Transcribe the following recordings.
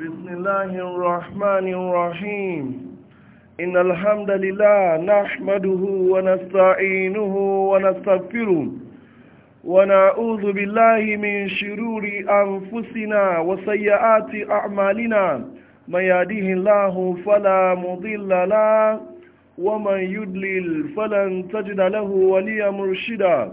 بسم الله الرحمن الرحيم إن الحمد لله نحمده ونستعينه ونستغفره ونعوذ بالله من شرور أنفسنا وسيئات أعمالنا من يهده الله فلا مضل له ومن يدلل فلن تجد له وليا مرشدا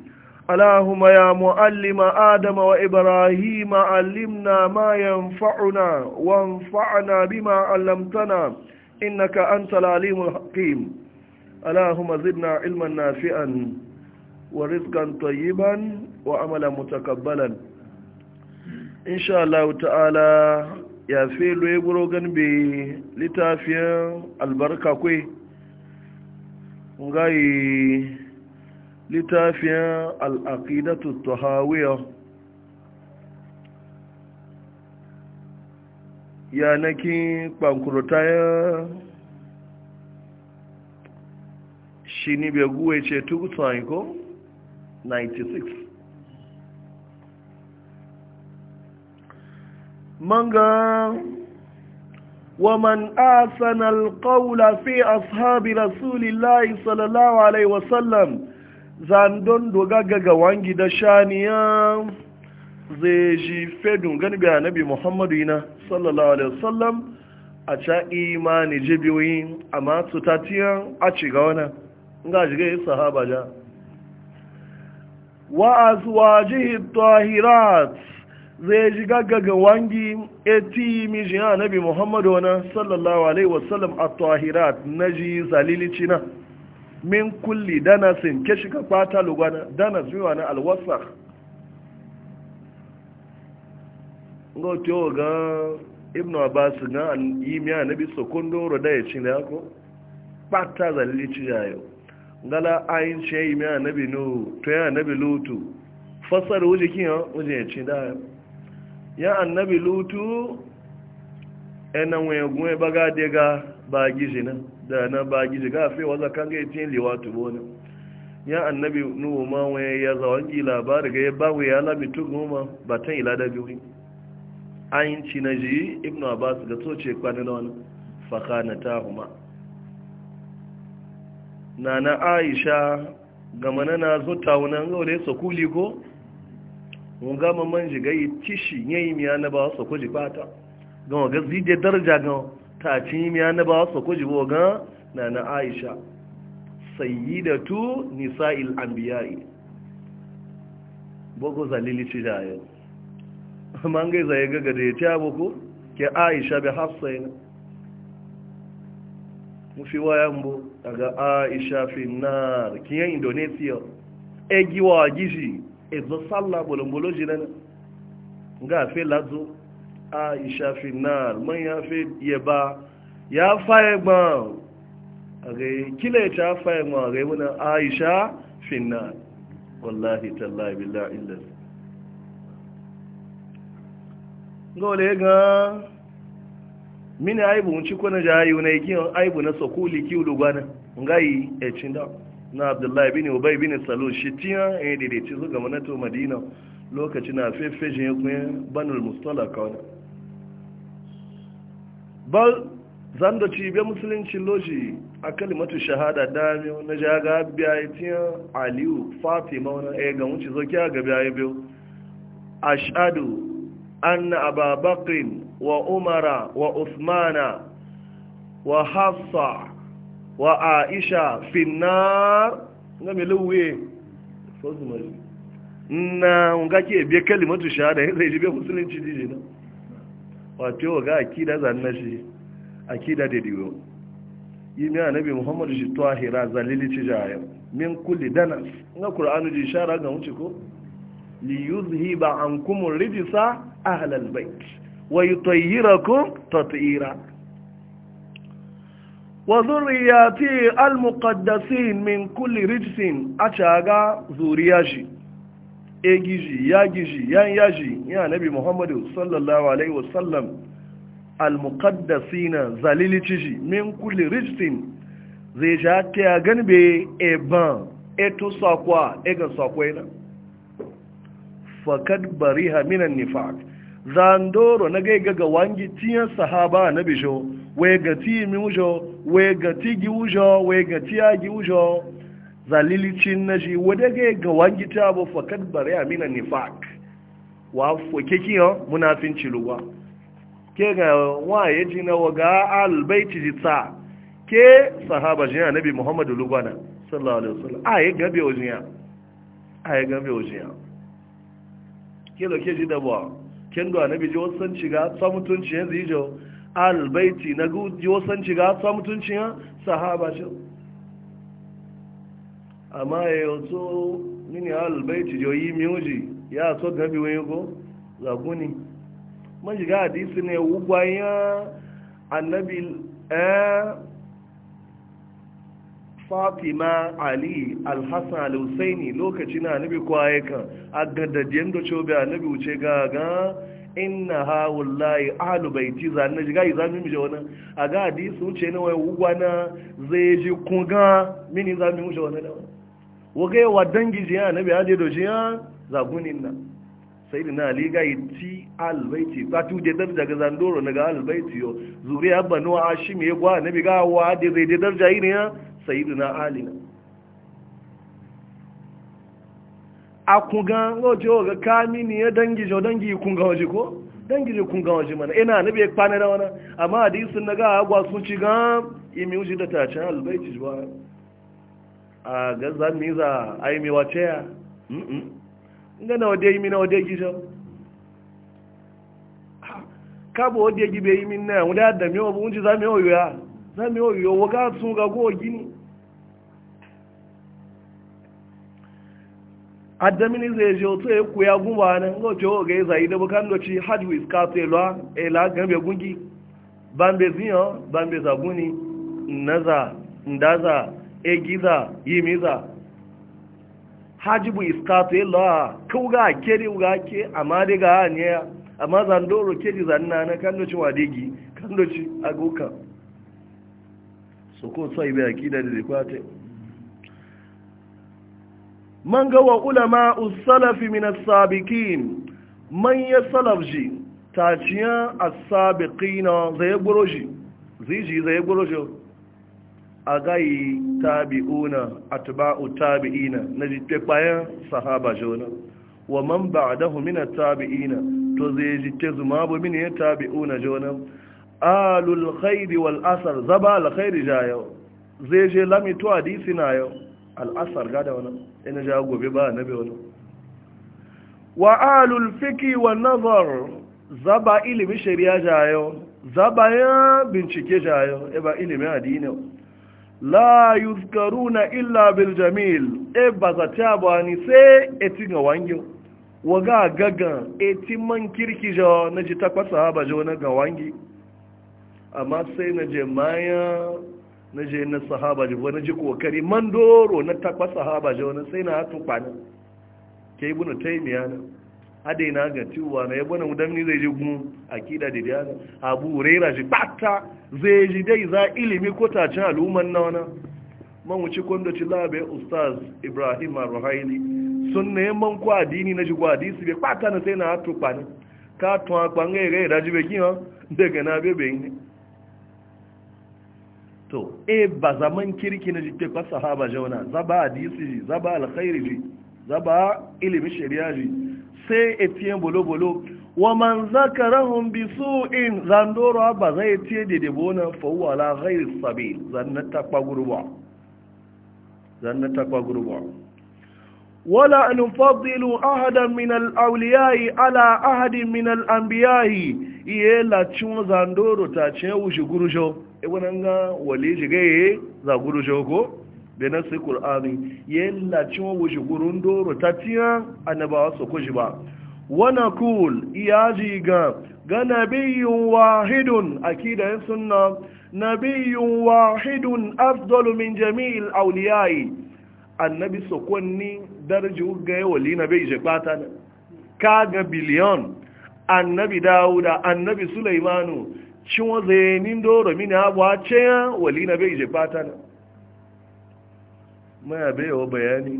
Allahumma ya muallima Adama wa Ibrahima allimna ma yanfa'una wanfa'na bima 'allamtana innaka antal alimul hakim Allahumma zidna ilman nafi'an wa rizqan tayyiban wa 'amalan mutakabbalan Insha Allah ta'ala ya filu yiburo gan bi litafiyan albaraka kwe ngai littafin al'aƙidatu tahawiyar yanakin kwankurta ya shi ni beguwe ce tukutan ko 96 manga ومن آثن القول في أصحاب رسول الله صلى الله عليه وسلم zandon doga gaga wangi da shaniya zai ji fedun gani ga nabi muhammadu yana sallallahu alaihi wasallam a ca imani jibiyoyi amma su tatiyan a ci ga wani ga jiga yi sahaba ja wa azwajihi tahirat zai ji gaggaga wangi eti mijiya nabi muhammadu wana sallallahu alaihi wasallam a tahirat na ji zalilici na min kulli danasin ke shiga kwata na danas miwa na alwasa ga tewa ga ibn abbas ga imiya na bi sokondoro da ya cin da yako kwata zallici yayo ngala ayin ce imiya na bi nu to ya na bi lutu fasar wuji kiyan wuji ya cin da ya annabi lutu enan wegun e baga dega ba gijina da na bagi jiga fe waza kan ga tin liwatu bona ya annabi nuhu ma waye ya zawangi labar ga ya bawo ya labi tuguma batan ila da biyu ayin ci na ji ibnu abbas ga toce kwanin wani fakana ta huma na na aisha gama na na zo taunan gaure su kuli ko mun gama man shiga yi tishi yayi miya na ba su kuji fata gama ga zide daraja gama ta ci miya na ba su kuji boga na na aisha tu nisa'il anbiya'i boko zalili ci da yau an gai zai gaga da ya ci abuku ke aisha bai hafsa yana mufi wayan bu daga aisha finnar kiyan indonesia egiwa gishi ezo sallah bolombolo jinana ga fi lazo aisha finnar man ya fi ba, ya faye gbọn a kila ta faye gbọn a gai muna aisha finnar wallahi tallahi billahi illar gole gan mini aibu mun ci kwana jayu na yake aibu na sokuli ki ulugwana ngai e cinda na abdullahi bini bin ubay bin salul shitiya e dede ci na manato madina lokacin na fefejin ya kuma banul mustalaka wannan bal zan da ci be musulunci loji a kalimatu shahada dami na jaga biya yi tiya aliyu fatima wani a ga wuce zo a ga biya yi biyu an na ababakrin wa umara wa usmana wa hafsa wa aisha finna ga miluwe sosu mai na ke biya kalimatu shahada ya zai ji biya musulunci jiji wato ga akida shi akida da diyo yimi annabi muhammad shi tahira zalili tijaya min kulli danas na qur'anu ji shara ga wuce ko li yuzhiba ankum rijsa ahli albayt wa yutayyirukum tatyira wa dhurriyyati almuqaddasin min kulli rijsin zuriya shi? e gishi ya giji ya yaji ya nabi muhammadu sallallahu alaihi wasallam na zalili ciji min kulle ristin zai sha ta ya ganbe eban eto sakwa egan sakwai na fakad zandoro na gai gaga wangi tiyan sahaba na bisho wai ga mi wujo wai ga gi wujo wai ga ya gi wujo zalilicin na shi wadda ga ga wangita ba fakat bari amina nifak wa fuke kiyo munafin ciluwa ke ga waye ji na waga albaiti jita ke sahaba jiya bi muhammadu lugwana sallallahu alaihi wasallam a yi gabe wajiya a yi gabe wajiya ke da ke ji da ba ken da bi ji wasan ciga sa yanzu yi jo albaiti na ji wasan ciga sa ya sahaba shi amma yau to mini albaiti jo yi miuji ya so gabi wani ko zaguni majiga hadisi ne ya annabi eh fatima ali alhassan alhussaini lokaci na annabi kwaye kan a gadadiyar da cobe annabi wuce gaga inna ha wallahi ahlu baiti za na jiga yi zami mije wani a ga hadisi wuce na wai wugwa na zai ji kunga mini zami wuce wani da wani yi wa dangi jiya na biya je do jiya zagunin na sai da na aliga yi ti albaiti ba tu je darja ga zandoro na ga albaiti yo zuriya banu shi ya gwa na biga wa de zai je darja yi ne ya sayyidina ali na akuga ngoje ga kamini ya dangi jo dangi kun ga waje ko dangi jo kun ga waje mana ina na biya kwana da wana amma hadisin na ga agwa sun ci ga imi uji da ta can albaiti jwa a ga zami za a yi mewa ceya nga na wade yimi na wade gijo kabo wade yi yimi na wade adami wa bunji zami oyo ya zami oyo waga sun ga go gini adami ni zai je to e kuya gumba na ngo to ga zai da bukan doci hajj with katelo e la gambe gungi bambe zion bambe zabuni naza ndaza egiza yimiza hajibu iskatu yi lawa kau ga keri ga ke amma dai ga hanyar amma zandoro ji zanna na kan doci wadigi kan doci agoka su sai bai akida da zikwata man gawa ulama usalafi min sabikin man ya salafji taciyan asabikina zai gboroji zai ji zai gboroji a gayi tabi'una atba'u tabi'ina na jitte bayan sahaba jona wa man ba'dahu min at-tabi'ina to zai jitte zuma bu mini ya tabi'una jona alul khairi wal asar zaba al khairi yau zai je lami to hadisi na yau al asar gada wani ina ja gobe ba bi wani wa alul fiki wa nazar zaba ilimi shari'a yau zaba ya bincike yau ya ba ilimin addini la yuzkaruna illa bil jamil e ba za ta ba ni sai eti ga wangi waga gaga eti man kirki jo na ji takwa sahaba jo na ga wangi amma sai na je maya na je na sahaba jo na ji kokari man doro na takwa sahaba jo na sai na hatu kwana ke ibnu taymiya na hade na ga ciwa na yabo na mudamni zai ji gun akida da diyana abu rera shi bata zai ji dai za ilimi ko tacin al'umman na wana man wuce kwando ci labe ustaz ibrahim arhaili sun na man ko adini na ji ko hadisi be bata na sai na hatu kwani ka to akwa ngai ga ira ji be kiyo daga na be be ne to e ba zaman kirki na ji ke sahaba jauna zaba hadisi zaba alkhairi zaba ilimi shari'a sai etiyen bolo-bolo wa man zakarahum bi su'in zandoro ba zai tiye da debo na fawwa la ghairi sabi zanna takwa gurba zanna takwa gurba wala an fadilu ahadan min al awliyai ala ahadin min al anbiyai iye la cin zandoro ta ce wushi gurujo e wannan ga wali jigaye za gurujo ko da nasu ƙul'ani da cewa wuce gurin doro ta tiya annabawa su kuji ba wana kul ji ga ga nabiyun wahidun akidayen sunna nabiyun wahidun afdalu min jami'il auliyai annabi sokonni darji ga wali na bai jepata na ga biliyon annabi dawuda annabi sulaimanu cewa zainin doro mini abuwa ce wali na bai jepata na maya bewa bayani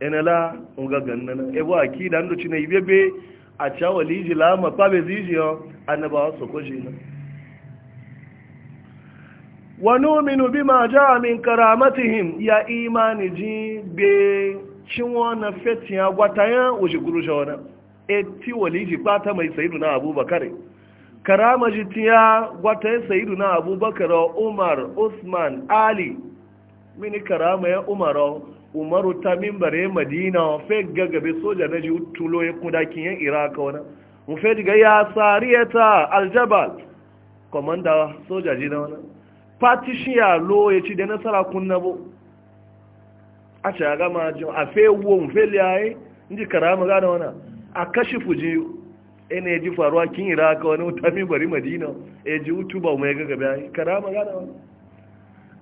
enela nga gannana ebo akida ndo chine ibebe a chawa liji la ma pabe ziji yo annabawa soko jina wa nu'minu bima jaa min karamatihim ya imani ji be chinwa na feti agwataya ojiguru jona eti waliji pata mai sayyiduna abubakar karama jitiya gwata sayyiduna abubakar umar usman ali mini karama ya umaro umaru ta mimbare madina fe gagabe soja na ji tulo ya kuda yan iraka wana mu fe diga ya sariyata aljabal komanda soja ji na wana, patishin ya lo ya ci da nasara kunna bo a ce ya gama ji a fe wo mu fe liyaye inji karama gada wana a kashi fuji ina ji faruwa kin iraka wani ta mimbare madina ya e ji utuba mu ya gagabe karama gane wani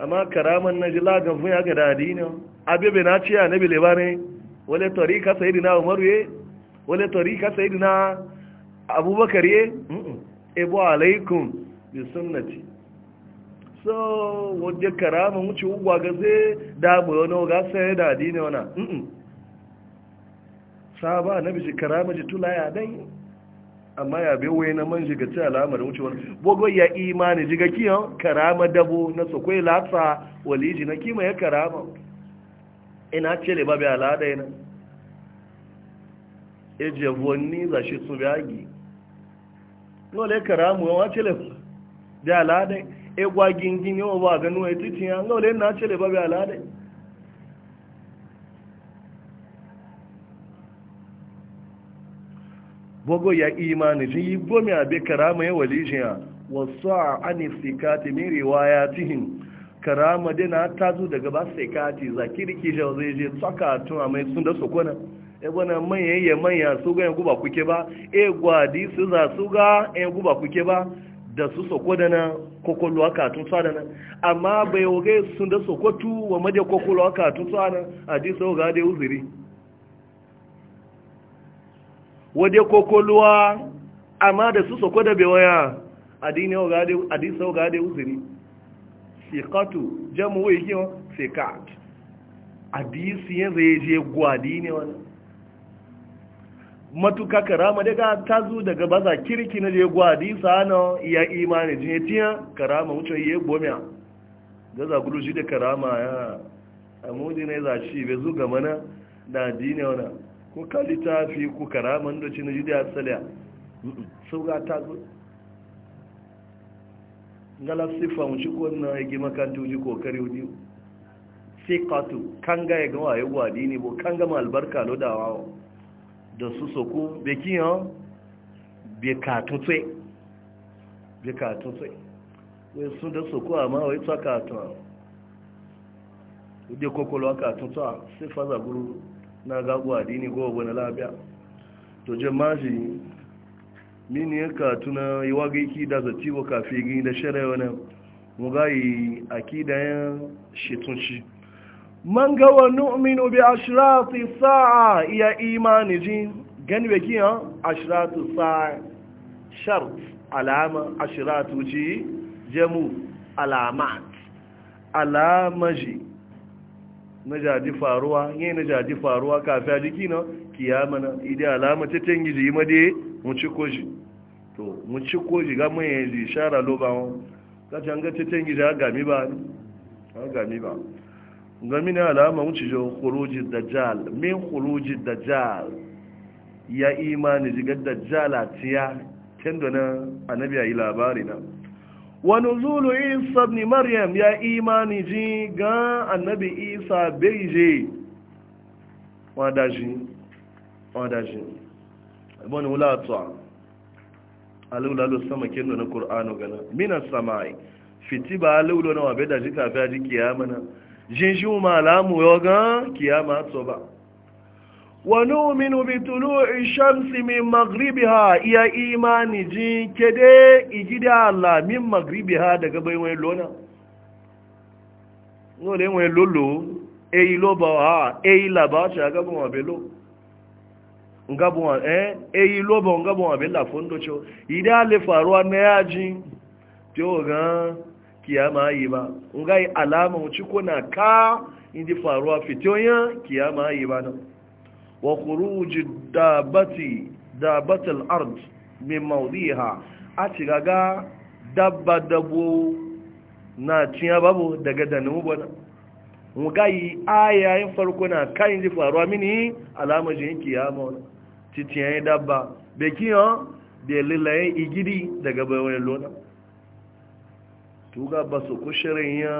amma karaman na ji lagan fun ya ga dadi ne abebe na ciya na bile ba ne wale tarika sayidina umaru ye wale tarika dina abubakar ye ebo alaikum bi sunnati so wajen karaman wuce ugwa ga zai damu wani ga sai dadi ne wana saba na bishi karama ji tula ya dai. amma ya bai waye na manji ga ci alamar wucewar bogo ya imani jiga kiyan karama dabo na sakwai latsa waliji na kima ya karama ina ce ba bai alada yana eje vonni za shi su biagi nole karamu ce le da alada e gwa gingin yawa ba ganuwa ya titiya nole na ce ba bai alada yana bogo ya imani ji gomi abe karama ya walijiya wasu a anisikati min tihin karama dai na tazu daga ba sikati zakiri kisha zai je tsaka tun a mai sun da sokona e bana manya ya manya su ga yanku ba kuke ba e gwadi su za su ga yanku ba kuke ba da su sokona na kokolo aka tun tsada na amma bai woge sun da sokotu wa maje kokolo aka tun tsada hadisi ga dai uziri wade kokoluwa amma da su soko da bewaya adini ogade adisa ogade uzuri sikatu jamu we kiyo sikat adisi yin reje gwadi ne wani matuka karama daga tazu daga baza kirki na je gwadi sano ya imani jini tiya karama wuce ya gbomiya gaza gudu shi da karama ya amudi ne za shi bai zuga mana na adini wani ko ka littafi ko karaman da ci na jide a tsaliya ga ta zo ngala sifa mu ci na ya gima kan tuji kokari hudu sai katu kan ga ya gawa ya gwadi ne bo kan gama albarka lo da wawo da su soko bekin yawon be tsaye bekatun tsaye wai sun da soko amma wai tsakatun da kokolo aka tuntun sai faza gururu na gagu adini ko wani labiya to shi, mini ya tuna, yi waga iki da zati wa kafi gini da shari'a wani muga yi akida ya shitunci man gawa nu'minu bi ashrati sa'a iya imani ji gani beki ha ashratu sa'a shart alama ashratu ji jamu alamat alamaji na jadi faruwa ne na faruwa kafin a jiki na kiyama na idi alama ta tangi ji ma dai mu ci koji to mu ci koji ga mun yi shara loba mu ka can ga ta tangi da gami ba ni gami ba gami na alama mu ci jo khuruji dajjal min khuruji dajjal ya imani jiga dajjala tiya tendo na annabi yi labari na wani zulu isa ni maryam ya imani ji ga annabi isa beije wadaji wadaji wani wulatuwa sama kendo na ƙur'anu gana samai fiti ba na wabe da ji alamu yau ga kiyama to ba ونؤمن بطلوع الشمس من مغربها يا ha جين كده إجد الله من مغربها دقا بين وين لونا نولين وين لولو أي لو بوا eyi لا باشا قبل ما بلو ngabu eyi loba ngabu wa bella fondo cho ale faruwa na yaji to ga kiyama yi ba ngai alama na ka indi faruwa kiyama yi na wa kuruji dabatul art min maudiha a ci gaga dabba dabo na cinya babu daga danin ubana mugayi ayayin farko na kayan ji faruwa mini alamajin kiyama daba titiyan dabba bekiyan da lilayen igidi daga bayan lona tuga ba su kushirin ya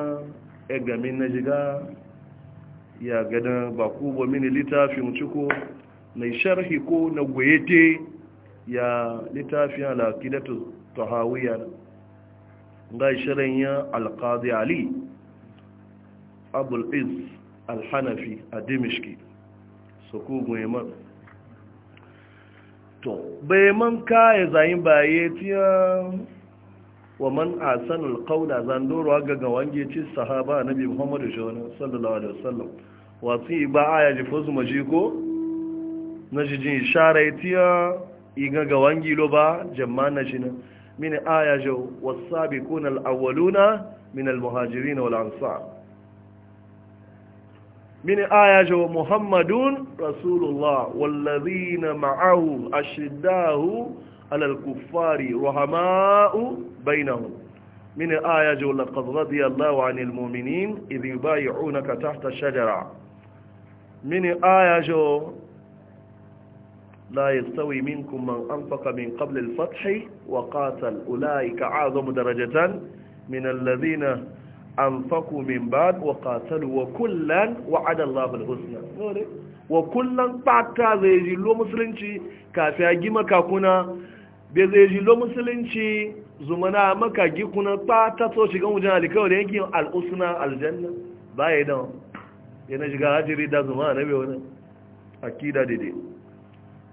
egamin na jiga ya gada ba ku ba mini littafin ciko mai sharhi ko na gwayete ya littafin alakidatu tahawiyya ga shirin ya alkazi ali abul'iz alhanafi a dimishki su ku muhimman to bai man ya zayin baye tiyan wa man asanul qawla zandoro ga ga wange ci sahaba nabi muhammad sallallahu alaihi wasallam wa ti ba aya ji fuzu majiko na jijin sharaitiya iga ga wangi lo ba jama'na jina min aya jo was-sabiqun al-awwaluna min al-muhajirin wal-ansar min aya jo muhammadun rasulullah wal-ladhina ma'ahu ashiddahu alal kufari rahama'u bainahum min aya jo laqad radiyallahu 'anil mu'minin idh yubay'unaka tahta shajara min aya jo la yastawi minkum man anfaqa min qabl al fath wa qatal ulaika 'azamu darajatan min alladhina anfaqu min ba'd wa qatalu wa kullan wa'ada Allahu al-husna wa kullan fata zai ji lo musulunci kafi a gima kakuna bai zai ji lo musulunci zumana maka gikuna ba ta so shiga wujen alikawar yankin al'usuna aljanna ba ya dan yana shiga hajjiri da zuma na bai wani akida daidai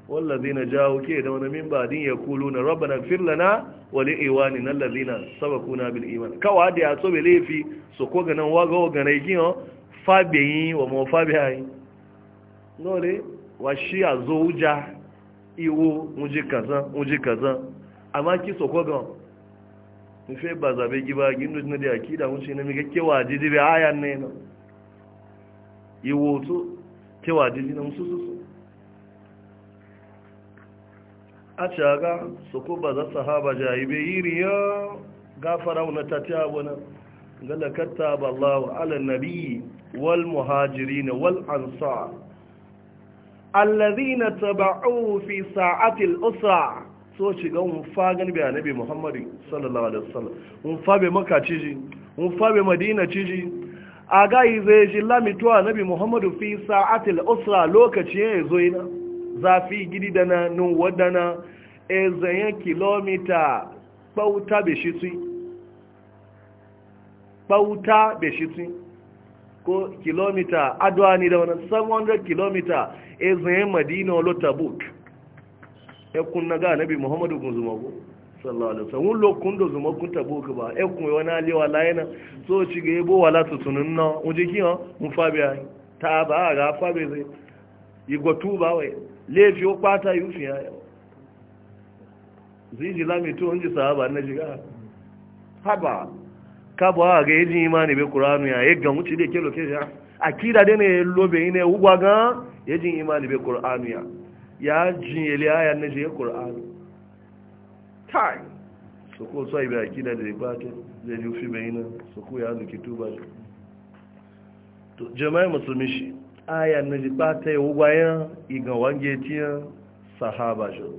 wallazi na jawo ke da wani min din ya kulu na rabba na firlana wale iwani na lalina saba kuna bil iman kawa da ya so bai laifi so ko ganin waga waga na ikin oh, fabiyin wa mafabiyayi dole wa shi a zo wuja iwo muje kaza muje kaza amma ki so ko ga mu fe ba zabe gi ba gindu na da akida mu ce na mi ga kewa jiji be ayan ne no iwu to kewa jiji na musu su a caga su ko ba za sahaba jayibe yiri ya gafara ta ta wani galakatta ba Allah wa ala nabi wal muhajiri na wal ansar allazina taba'u fi sa'atil usra so ci ga mun fa gani bi annabi muhammadu sallallahu alaihi wasallam mun fa be makka ji mun fa be madina ci a aga zai ji to annabi muhammadu fi sa'atil usra lokaci ya zo ina zafi gidi da na nun wadana e zanya kilomita bauta be shi tsi bauta be shi tsi ko kilomita adwa ni da wannan 700 kilomita e zai madina lo tabuk e kun na ga nabi muhammadu kun zuma ko sallallahu alaihi wasallam wun kun da zuma kun tabuk ba e kun wani alewa layina so ci ga yabo wala su sunun na uje ki ha mu fa biya ta ba ga fa fabi zai yi gotu ba wai lefi o pata yufi ya zai ji lami to onji sahaba na jiga haba kabo a ga yaji imani be qur'anu ya yega muci de kelo ke ya? akida de ne lobe ine ugwa ga yaji imani be qur'anu ya ya jin ele aya ne je qur'anu tai so ko so ibe akida de bate de ju fi beina so ko ya zu kituba to jama'a musulmi shi aya ne je bate ugwa ya igan wange tiya sahaba jo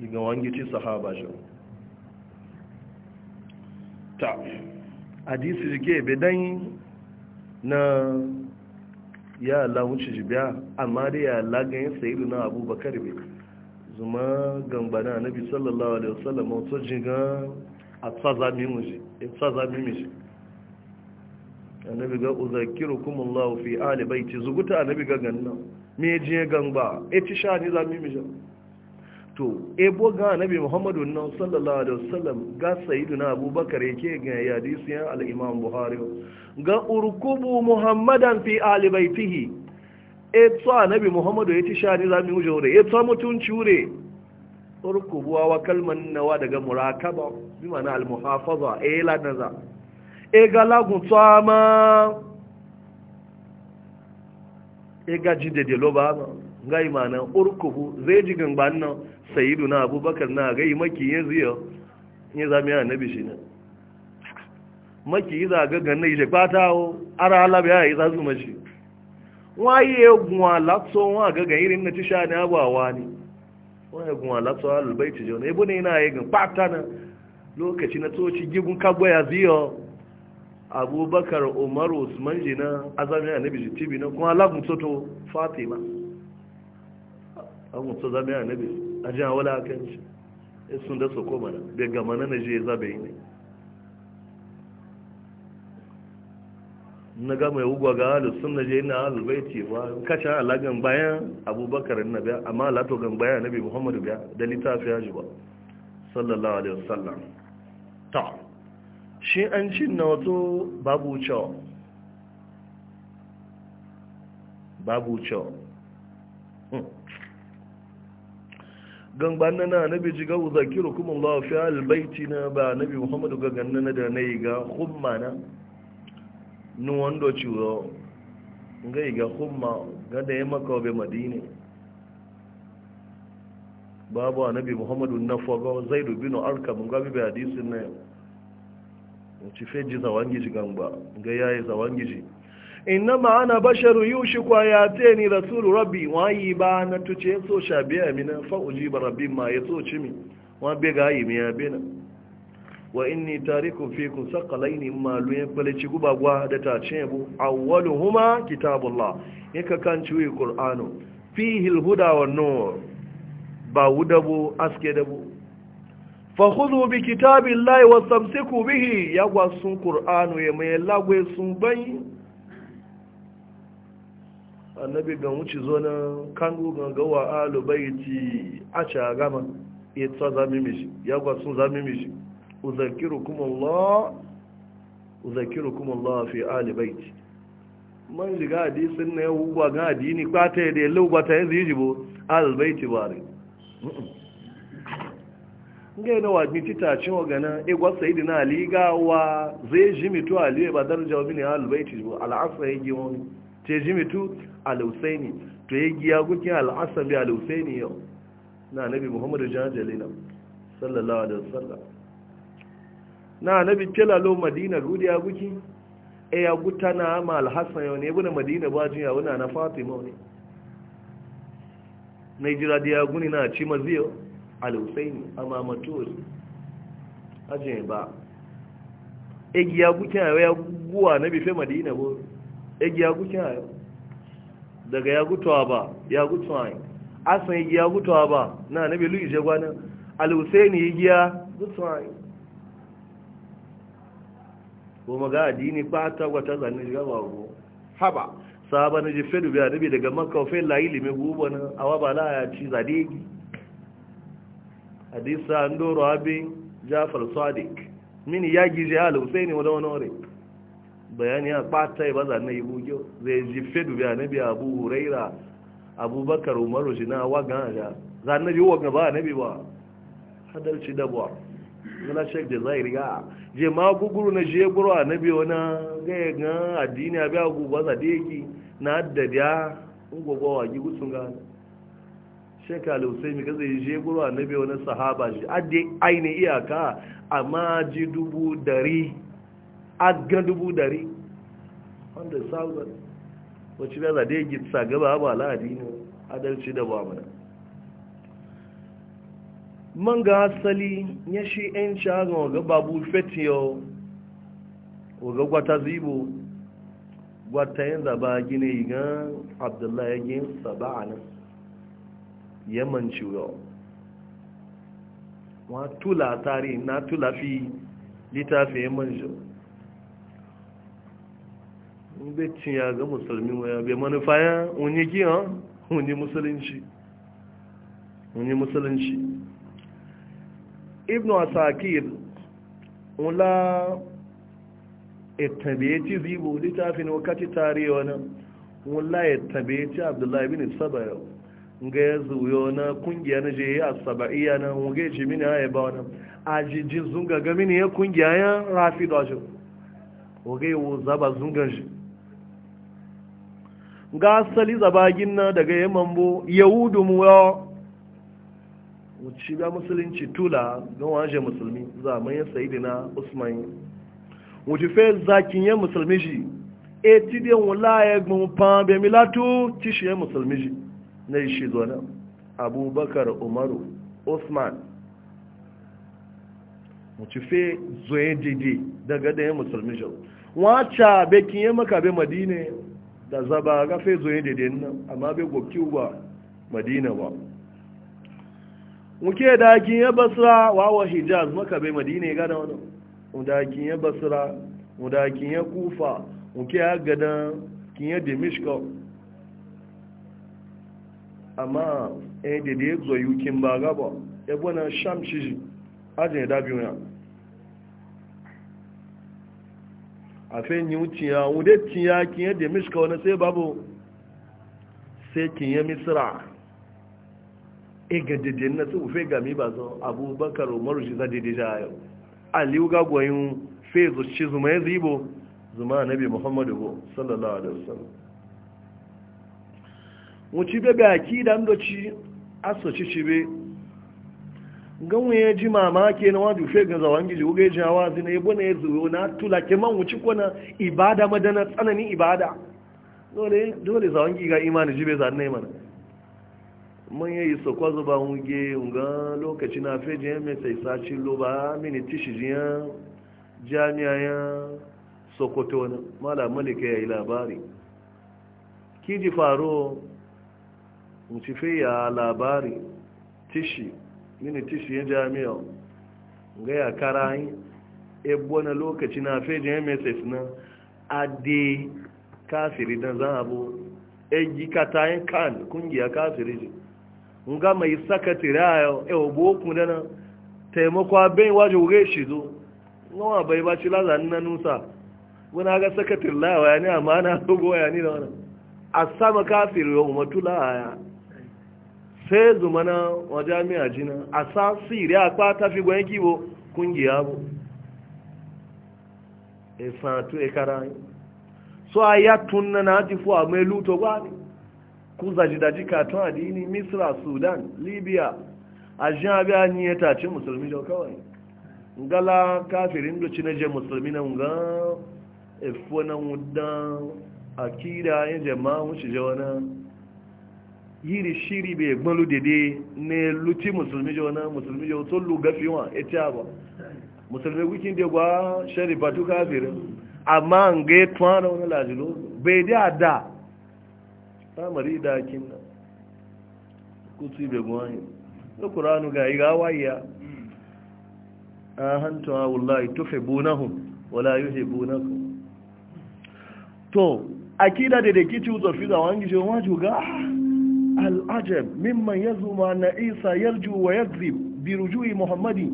igan wange ti sahaba jo ta hadisi jike bedan na ya Allah wuce shi amma da ya Allah ganin sayidu na abubakar bai zuma gamba na nabi sallallahu alaihi wasallam wato jiga a tsaza mimuji a tsaza mimuji annabi ga uzakirukum Allah fi ali baiti zuguta annabi ga ganna me je gamba e ti sha ni za mimuji to ebo ga nabi muhammadu nan sallallahu alaihi wasallam ga sayyiduna abubakar yake ga hadisi ya al-imam buhari ga urkubu muhammadan fi ali baitihi e to nabi muhammadu yace shani mu jure e to mutun jure urkubu wa kalman nawa daga murakaba bi ma'ana al-muhafaza e la naza e ga lagun to ama e ga jide de lo ba gai mana urkuhu zai ji gangban na sayidu na abubakar na gai maki ya ziyo ya zami yana nabi shi ne maki yi zaga ganin ishe kwatawo ara alabi ya yi zazu mashi waye gunwa latso wa gaga irin na ci sha ne abuwa ne waye gunwa latso alubai ci jona ebo ne yana yagin kwata na lokaci na toci gigun kagbo ya ziyo abubakar umaru usman jina azami ya nabi shi tibi na kuma alagun soto fatima an mutu zama ya nabi a ji hawala a kan shi ya sun da soko mana bai gama na je zabe yi ne na gama ya hugwa ga halus sun na je ina halus bai ce ba kashe alagan bayan abubakar na biya amma lato gan bayan nabi muhammadu biya da littafi ya ji ba sallallahu alaihi wasallam ta shi an cin na wato babu cewa babu cewa nana na bi ji ga uzakiru kuma Allah fi albaiti na ba nabi Muhammadu ga ganna da nayi ga humma na nu wando ciwo ngai ga humma ga da ya maka be madina babu annabi Muhammadu na fogo Zaid bin Arkam ga bi hadisin ne ci feji zawangiji gamba ga yayi zawangiji inna ma ana basharu yushiku ni rasulu rabbi wayi ba na tuce so biya amina fauji ba rabbi ma yaso cimi wa be ga yi me yabena wa inni tarikum fikum saqalaini ma luyen kwale ci guba gwa da ta ce bu awwaluhuma kitabullah yaka kan ci wi qur'anu fihi alhuda wan nur ba aske dabu fa khudhu bi kitabillahi wastamsiku bihi ya gwa sun qur'anu ya mai lagwe sun bai annabi ga wuce zonan kango gangawa alubaiti a ci a gama ya tsa zami mishi ya gwasun zami mishi uzakiru kuma Allah fi alubaiti man shiga hadisin na yau ba ga hadini kwata da yallo ba ta yanzu yi ba ne e ga yana mitita cin gana igwa sayidi na aligawa zai ji mitu aliyu ba daraja wani mini alubaiti jibo al'asa ya gi wani ji mitu al-husaini to ya giya guki al-hasan al-husaini yau na nabi muhammadu jajalina sallallahu alaihi wasallam na nabi kelalo madina gudi ya guki e ya guta na ma al-hasan yau ne ibn madina ba jin ya na fatima ne Nigeria da ya guni na ci maziyo al-husaini a maturi ajin ba e giya guki ya guwa nabi fe madina bo egi ya gutu ayo daga ya gutuwa ba ya gutu ayo asan egi ya gutuwa ba na nabi lu ije gwana al-husaini egi ya gutu ayo ko maga adini kwata kwata zanin shiga ba ko haba sahaba na je fedu biya nabi daga makka fe la ilimi gubo na awa ba la ya ci zadegi hadisa ndoro abi jafar sadiq mini ya gije al-husaini wala wani bayani ya ɓata ba za na yi bujo zai ji fedu biya na biya abu huraira abubakar umaru shi na wagan aja za na yi wagan ba na ba hadarci buwa wani shek da zai riga je ma guguru na ya guru a na na gaya ga addini a biya guguwa za da yake na addada ya gogo wa gi gutsun ga shek alusai mi zai je guru a na biyo na sahaba shi adde aini iyaka amma ji dubu dari agan dubu dari 100,000 wacce da za da ya gitsa gaba ba la'adi ne adalci da ba mana man ga asali ya shi 'yan shagan ga babu fetiyo ga gwata zibo gwata yin zaba gine igan abdullahi yin saba a nan yaman ciwo wa tula tari na tula fi littafi yaman ciwo bɛ ya ga musulmi wa bai manufa ya unyi giya unyi musulunci unyi musulunci ibnu asakir wula etabeci zibo littafin wakati tarewa na wula etabeci abdullahi bin sabayau ga ya zuyo na kungiya na je ya saba'iya na wuge ji mini ya ba wani ji zunga ga mini ya kungiya ya rafi dojin wuge yi wo zaba zunga shi ga asali tsabagin nan daga yamman bu yahudu mu ya shiga musulunci tula ga wajen musulmi zaman ya sayi na usman wuce fe zakin ya musulmi shi e ti de wula ya gbun pan milatu ti shi ya musulmi shi na shi zo na abubakar umaru usman wuce fe zoye dede daga da ya musulmi shi wacha be yin maka bai madina da zaba ga fe zo yin da nan amma bai gobki ba madina ba muke dakin ya basra wawa hijaz maka bai madina ya gada wani mudakin ya basra mudakin ya kufa muke ya gada kin ya dimishka amma ya eh, yi ya zo yukin ba gaba ya gwana sham shi ajin ya dabi wani a fe ni wuciya wude ciya kin yadda mishka wani sai babu sai kin yi misra e ga dede na su fe gami ba zo abubakar umaru shi za dede ja yau aliyu ga goyin fe zuci zuma ya zibo zuma bi muhammadu bo sallallahu alaihi wasallam wuci bebe akida ndoci asoci cibe ganwe ya ji mamaki na wajen fe ga zawon gili uga ji hawa zina ya bane ya zuwa na tula ke man wuci kona ibada madana tsananin ibada dole dole zawon giga imanin jibe za ne mana man ya yi kwa zuba wuge ga lokaci na fe je mai sai saci lo ba mini tishi jiya jami'a ya sokoto na mala malika yi labari kiji faro mu ya labari tishi mini tishi ya jami'a ga ya kara yi ebo na lokaci na fejin mss na ade kafiri don zan abu egi katayin kan kungiya kafiri ji nga mai sakatiri a yau e ewa boku da na taimako abin waje wuge shi zo nawa bai ba ci lazanin na nusa wani aga sakatiri lawa ya ne amma na gogo ya ni da wani a sama kafiri wa umatula a ya sai zuma na wa jami'a jina a sa siri a kwata fi gwan kiwo kungiya bu e santu e karayi so a ya tunna na ti fu a mai luto gwani ku zajidaji katon adini misra sudan libya a jin abi a niye ta ce musulmi jau kawai ngala kafirin da ci na je musulmi na nga efo na wudan akida yin jama'a wuce je wani yiri shiri bai gbalu dede ne luti musulmi jo na musulmi jo to lu gafi wa eti aba musulmi wikin de gwa shari Batu kafir amma nge twana wani lajilo bai da da samari da kin na kutu bai gwa yi da qur'anu ga yi gawaya ahantu wallahi tuhibunahum wala yuhibunakum to akida de de kitu zo fiza wangi jo al'ajab mimman ya zuma na isa yarju wa yakzib bi rujui muhammadi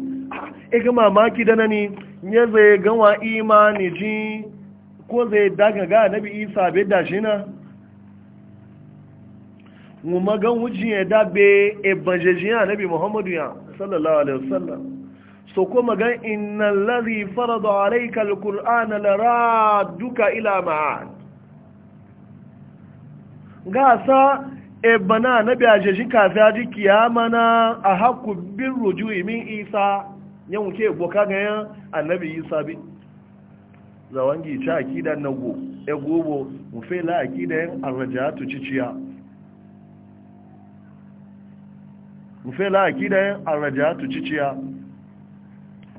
e ga mamaki dana ne ya zai gawa imani ji ko zai daga ga bi isa bai da shi na mu magan wuji ya dabe ebanjejin ya bi muhammadu ya sallallahu alaihi wasallam so kuma gan innal ladhi farada alayka lara duka ila ma'ad gasa ebana na biyaje shi kafin ya kiyama na a haku bin ruju min isa 'yan wuce boka ga yan annabi isa bi zawangi ci akida na go e gobo mu fe la akida yan arrajatu ciciya mu fe la akida yan arrajatu ciciya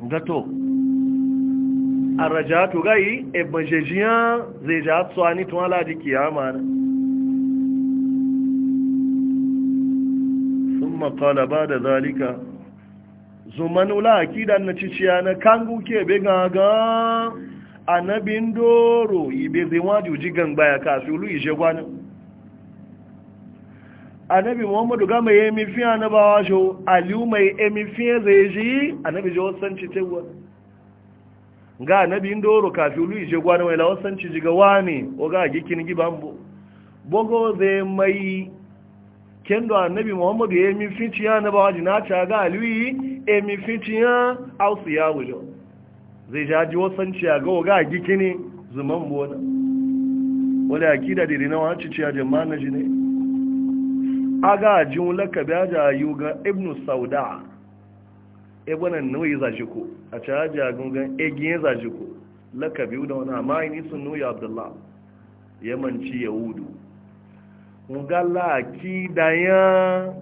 gato arrajatu gai ebajejiyan zai ja tsani tun ala ji kiyama na summa qala ba'da zalika zuman ula akida na ciciya na kangu ke be gaga anabin doro ibe zai waju jigan baya kasu lu ije gwana anabi muhammadu gama ya mi fiya na bawa aliyu mai emi fiye zai ji anabi ji wasan ci tewa ga anabi ndoro kafi lu ije gwana mai wasan ci jiga wani o ga gikin giban bo bogo zai mai kendo annabi muhammadu ya yi finci ya na bawaji na ta ga aliyu e mi finci ya ausu ya wujo zai jaji wasan ciya ga waga a gikini zuman bona wadda kida da rina wani ciya jama'a na jini a ga jin lakabi a yi ga ibnu sauda ebanan nauyi zajiko a ciya jagungan egiyen zajiko lakabi da wani amma yi nisan nauyi abdullahi yamanci yahudu Mugalla akida ya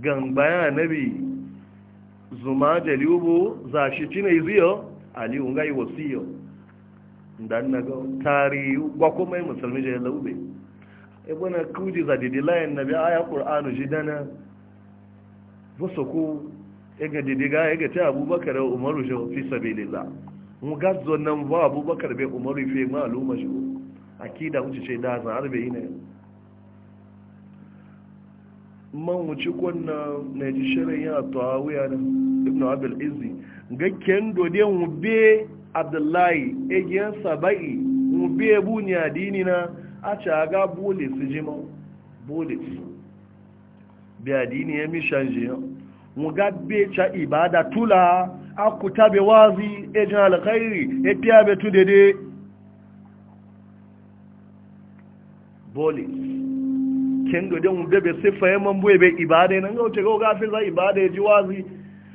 gangbaya nabi zuma jaliubu za shi cina iziyo ali unga yi wasiyo dan naga tari gwa kuma musulmi je laube ibn kudi za didi layan nabi aya qur'anu jidana wasu ku ega didiga ega ta abubakar e umaru je fi sabilillah mu gazzo nan ba abubakar be umaru fi ma aluma shi akida mu ce da zan arbe ina man wuce kwanna na ji shirin ya tawa wuya na ibn abil izi ga kendo de wube abdullahi egiyan saba'i wube buni adini na a ci aga bolis jima bolis bi adini ya mi shanje ya wuga be ca ibada tula akuta be wazi ejin alkhairi epiya be tu dede bolis kendo don bebe sifa ya mambu ebe ibade nan gauce ga gafi za ibade ya ji wazi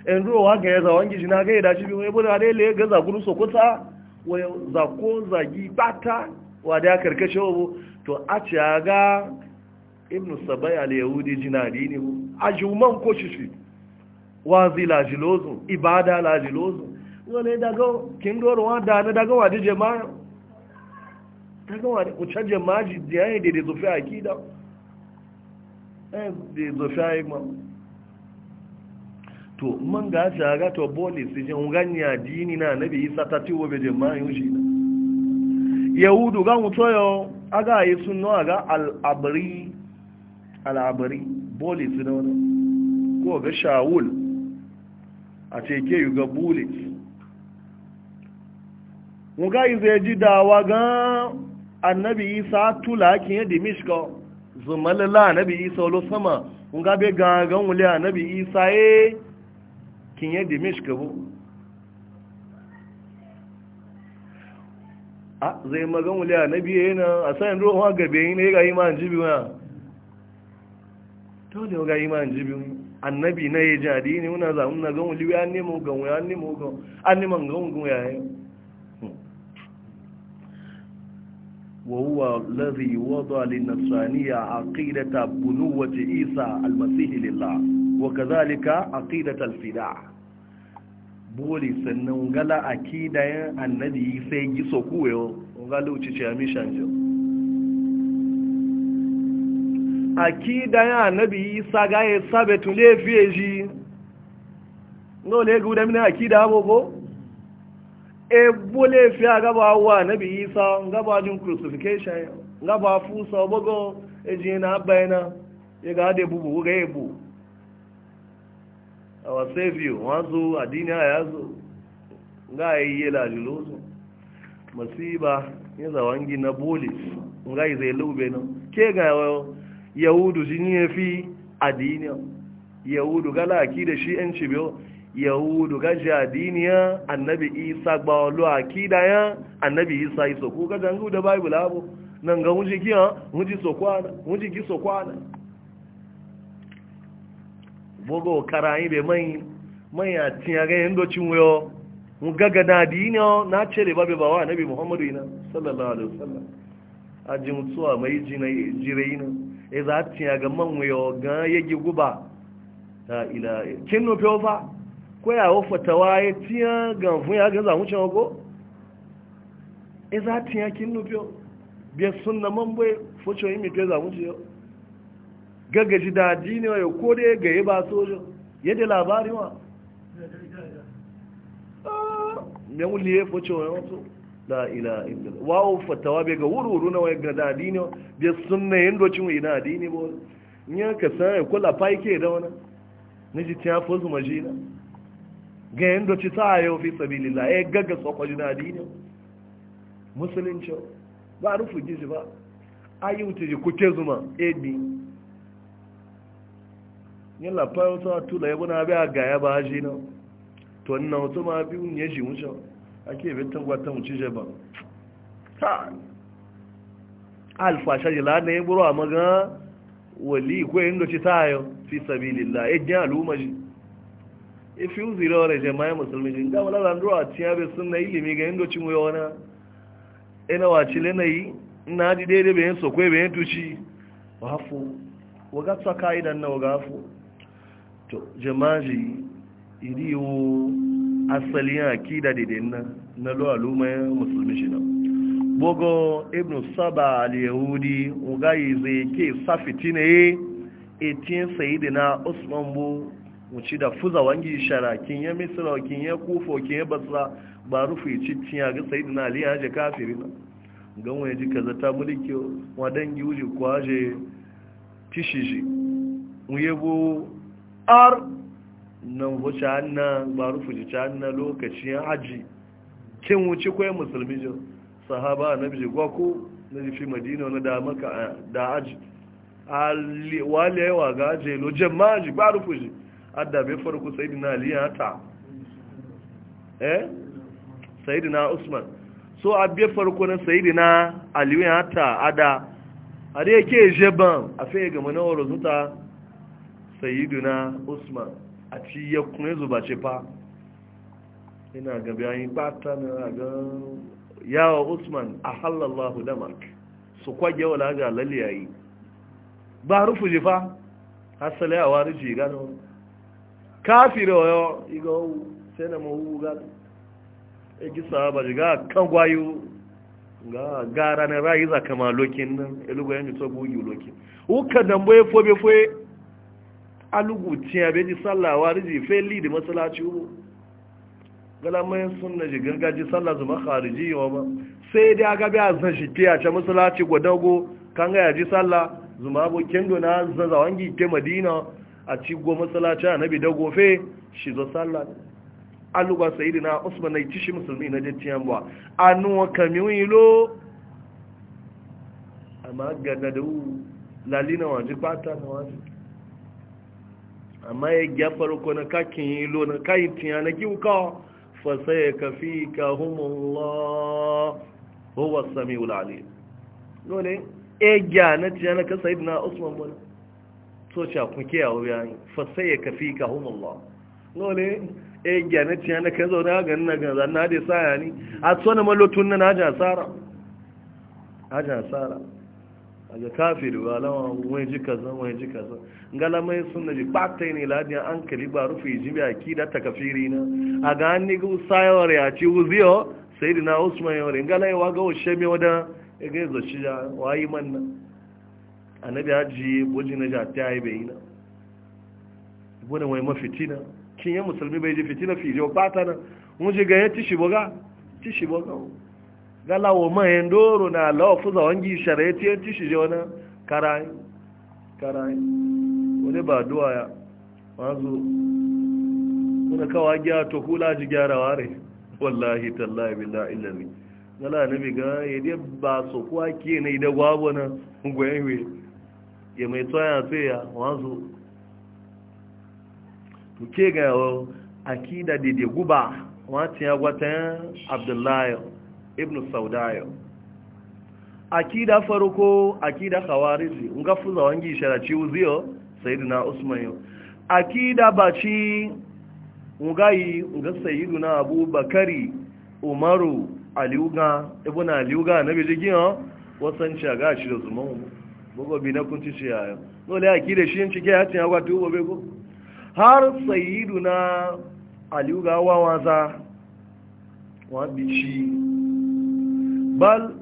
en ruwa haka ya zawon gishi na ga ya dashi biyu ne bude da ile ga zakuru sokuta waya zako zagi bata wa da karkashe wabu to a ce a ga ibn sabai al yahudi jina ne a juman ko shishi wazi lajilozu ibada lajilozu wale daga kin wa da na daga wadi jama'a daga wadi ku canje maji da yayin da da zufi da shayi ma to man ga shi a gato boli su jin ganya dini na nabi isa ta ciwo bai jin mayan shi na yahudu ga mutu yau a ga yi sun nawa ga al'abari al'abari boli su na wani ko ga shawul a teke yi ga boli mu ga yi zai ji dawa ga annabi isa tula kin yi dimishka zumalala anabi isa olo sama nga be gangan wule anabi isa ye kinye dimish kabo a zai magan wule anabi ye na a sayin ruwa gabe yi ne ga iman jibi wa to ne ga iman jibi annabi na ye jadi ne muna zamu na gan wule an nemo gan wule an nemo gan an neman gan wule ya وهو الذي وضع للنصرانية عقيدة بنوة عيسى المسيح لله وكذلك عقيدة الفداع بولي سننغلا عقيدة النبي سيجي سكوه وغالو تشامي شانجو عقيدة النبي عيسى غاية ثابت ليه فيجي نو ليه قودة من عقيدة أبوكو ebole fi a gaba wa nabi isa gaba jin crucifixion gaba fusa bugu eji na bayana ya ga da bubu ga yabo our savior wazo adini ya zo ga yi la jilozo masiba ya zawangi na bolis ga yi zai lube nan ke ga yahudu jini ya fi adini yahudu gala aki da shi yanci biyo yahudu ga jadiniya annabi isa gba olu akida ya annabi isa iso ko ga gangu da bible abu nan ga wuji ki ha wuji so kwana wuji ki so kwana bogo karayi be mai mai ya tiya ga yando cinwo mu gaga da diniya na cere babe bawa annabi muhammadu ina sallallahu alaihi wasallam ajin mutuwa mai jina jireina e za tiya ga manwo ga yage guba la ilaha illa kin no fa koyawa fatawa ya tiya gamfun ya gaza mu cewa ko e za tiya kin nufiyo biya na man bai fucho yi mifiyo za yau. ciyo gaggaji da dini wa ko da ya gaye ba sojo Ya yadda labari wa ya ah, muli ya fucho ya wato la ila illa wawo fatawa bai ga wururu na wai ga da dini wa sun na yin docin wa ina dini ba ya ka sanar kula fa yake da wani na ji tiya fuzu na. ga yadda ci ta yau fi sabilillah ya eh, gaga tsokwali na adini musulunci ba rufu gizi ba a yi wuce ji kuke zuma ab eh, yin lafayar wata tula ya buna biya ya ba ji na to nna wata ma biyu ya ji wuce ake bi tangwata wuce je ba ta alfa shaji lana ya buru a maga wali ko yin da ci ta yau fi sabilillah eh, ya gina al'umma ji ifi uzira wani jama'a musulmi ji ga wala zandro a tiya be sunna ilimi ga indo cin wona ina wa cile nayi na ji daidai be so kwe be tuci waga ta kaidan na waga fu to jama'a ji idi yo asaliyan akida de denna na lo aluma musulmi na bogo ibnu saba al-yahudi ugayi zai ke safitina e etin sayyidina usman bu wuce da fuza wangi shara kin ya misra kin ya kufo kin ya basra ba rufe cikin ya ga sayyidina na aliyu je kafiri na gan waye ji kaza ta mulki wa dangi wuje kwaje mu yabo ar nan wuce hannu ba rufe hannu lokaci ya haji kin wuce koyi musulmi jin sahaba na bije gwako na jifi madina na da maka da haji wale wa gaje lo jama'a ji ba rufe ji adabe farko sayidina ali ya ta eh usman so farko na sayidina ali ya ta ada are yake jeban a fe ga mana warazuta sayidina usman a ci ya kuma zuba ce fa ina ga bayan bata na ga yawa usman a halallahu damak su kwage wala ga laliyayi ba rufu jifa hasali a wari ji gano kafiri oyo igo owu sai na mahu gada egi sahaba ga kan gwayo ga gara na rayu za kama lokin nan elugu yanzu to gogi lokin uka dambo ya e fobe foye alugu tiya be ji wa, riji fe li da u ubu galamayin sun na jigar gaji sallah zuma khariji yo ba sai dai aga biya zan shi ti a can masallaci gwadago kan ga ji sallah zuma abokin dona zazawangi ke madina a ci goma salata na bi da gofe shi zo sallah aluba na usman ai tishi musulmi na dattiyan ba anu kamiwi lo amma ganna da u lalina waje pata na waje amma ya gafar ko na kakin yi lo na kai tiya na kiwka fa sai ka fi ka humullah huwa samiul alim dole e gya na tiya na ka na usman bana soca kun kiyawo yayin fasai ya kafi ka Allah nole e eh, gane tiya na kan zaune ga nan ga zan na da saya ni a tsona malotun nan sara asara haja asara aga kafiru alama wani ji kaza wani ji kaza ngala mai sunna ji pata ne ladiya an ba. rufe jibi akida ta kafiri na ga an ni gu sayawar ya ci uziyo sayyidina usman yawar ngala ya ga o sheme wada ga zo shi wayi manna annabi haji boji na ya yi bai yi na gudun wai ma fitina kin yi musulmi bai ji fitina fi jau fata na wunji ga ya ci shi boga ci shi boga o galawo ma yin doro na lawa fuza wangi shara ya ci ya ci shi jau na karayi karayi wani ba duwa ya wanzu wani kawa gyara to hula ji gyara ware wallahi tallahi billahi illazi gala nabi ga ya dai ba so kuwa ke na da gwabo na ya mai tsaya tsaya wanzu tuke ga akida dede guba wacin ya gwatan abdullahi ibn saudayo akida farko akida khawariji nga fuza wangi ishara ci uziyo sayyidina usman yo akida baci ngai nga sayyidina abubakari umaru aliuga ibn aliuga nabi jigiyo wasan shaga shi da zumanmu gbogbo bi na kunci shi ayo no le akide da shi cike ya awa gwatu gobe go har sayyiduna aliyu ga wawaza wa bici bal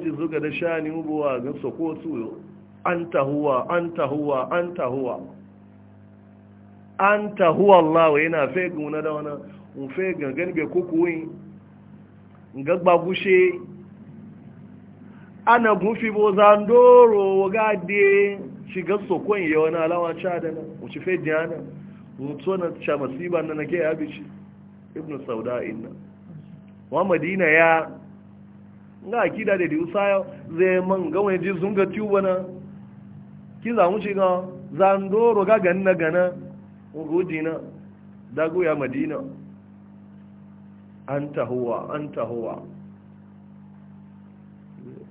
ji zuga da shani wa ga soko su anta huwa anta huwa anta huwa anta huwa Allah yana fe na da wana un fe gan be kukuwin gagba gushe ana gufi bo zandoro ga de shiga sokon ya wani alawa cha da na uci fe diana mutu na cha masiba na nake ya bici ibn sauda inna wa madina ya nga akida da diusa zai man ga wani ji zunga tuba na ki za mu shiga zandoro ga ganna gana ugudina dagu ya madina anta huwa anta huwa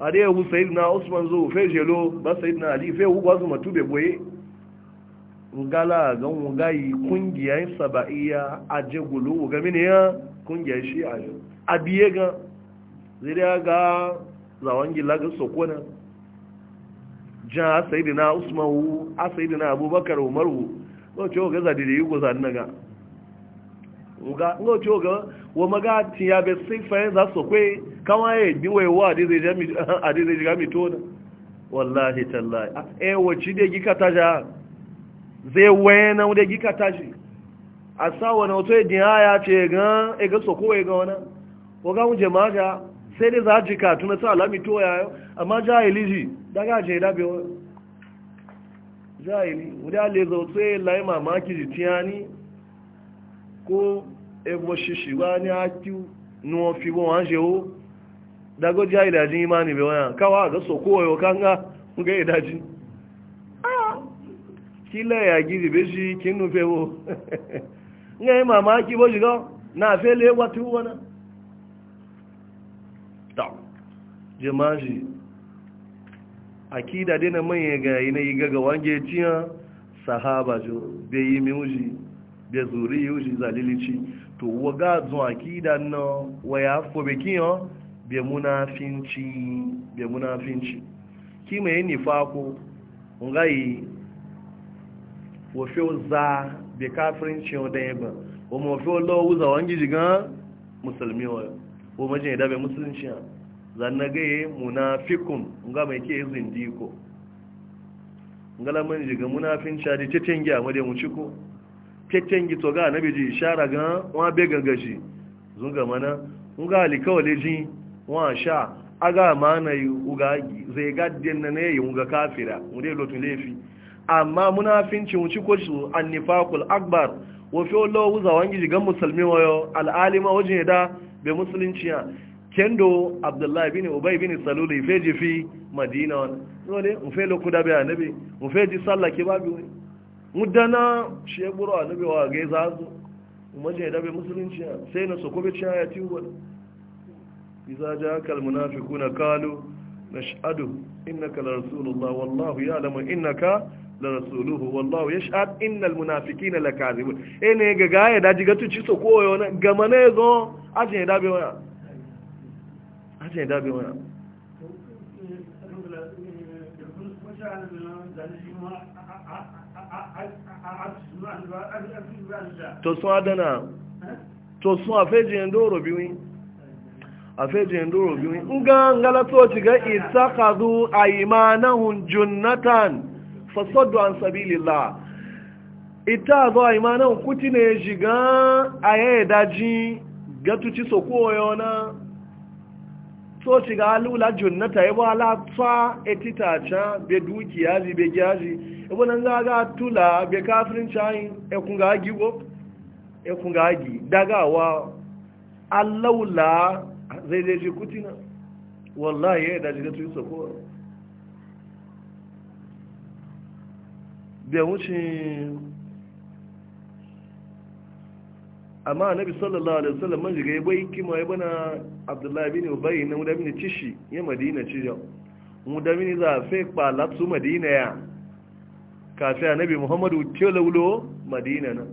are yahu na usman zo fe jelo ba na ali fe hu gwazu matube boye ngala ga ngai kungiyar sabaiya a jegulu ga mini ya kungiyar shi a yi a biye ga zai ga zawon gila ga sokona jan na usman hu a na abubakar umaru ga cewa ga zadiri yi gozan naga ga cewa ga wa magati ya be sifa za su kwe kama ya yi wa adizai jiga mito na wallahi e wacce da gika ta zai waye na wadda gika ta a sa wani wato yadda ya ya e ja sai dai za tuna sa alami to daga mamaki jitiyani ko ebo shishi wani hakiu nuwa fi bo wanje wo dago ja idajin imani be wani kawa ga so koyo kanga ga idajin ah! kila ya gidi be shi kin nufe wo ngai mamaki bo jigo na fele watu na. ta ji akida dena manya ga yana yi gaga wange tiya sahaba jo be yi miuji be zuri yuji zalilici to ga zuwa akida na waya fobe kiyo be munafinci be munafinci ki mai ko ngai wo fe za be frinci o dan ba wo mo fe lo za wangi jiga musulmi o wo ma je da be musulunci zan na ye munafikun nga mai ke zindiko ngala mun jiga munafinci da tetengi amma da mu ciko keken gito ga na ji ishara gan wa be gangashi ga mana nga alikawale ji wa sha aga mana yi uga zai gaddin na ne yi ga kafira mu dai lotu lefi amma munafinci mu ci ko su annifaqul akbar wa fi Allah za wangi ji gan musulmi wayo alima waje da be musulunci ya kendo abdullahi bin ubay bin saluli ifeji fi madina wala ne mu fe lokuda be annabi mu fe ji sallah ke babu mudana shi ya buru annabi wa ga za zo da bai musulunci sai na sokobe ci ya ti wa iza ja kal munafiquna na nashhadu innaka la rasulullah wallahu ya ya'lamu ka la rasuluhu wallahu ya yashhad innal munafiqina E ne ga da ya daji ga tuci yau na gama ne zo aje da bai wa aje da bai wa to sun adana to sun afeji endoro biwi afeji endoro biwi nga ngala to ci ga itakadu aymanahum junnatan fasaddu an sabilillah itazo aymanahum kutine shiga aye daji gatuci sokoyo na so ti ga lula junnata ya ba la fa etita cha be dukiya ji be gyaji ibo nan za ga tula be kafirin chai e kun ga gi go e kun ga gi daga wa allawla zai zai ji kutina wallahi ya da jiga tuyi sako be wucin amma nabi sallallahu alaihi wasallam man jiga yayi kima yayi bana abdullahi bin ubay na mudamini cishi ya madina cijo mudamini za fe pa lapsu madina ya sai nabi muhammadu tilawlo madina na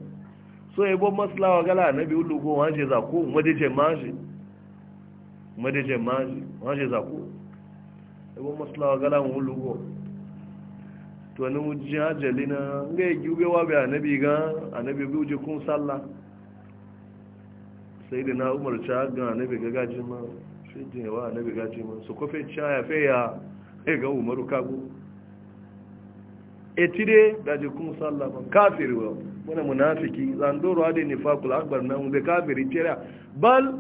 so yabo maslawa gala nabi ulo ko wanje za ko madaje maji madaje maji wanje za ko yabo maslawa gala ulo ko to nu jajalina ngai gube wa bi annabi ga annabi bi uje kun sallah sai da na umarci ga na biga gaji ma shi jinewa na biga gaji ma su kofe caya feya ya ga umaru kago eti dai da ji jikun sallama kafiri wa wani munafiki zandoro adin nifakul akbar na wunde kafiri tera bal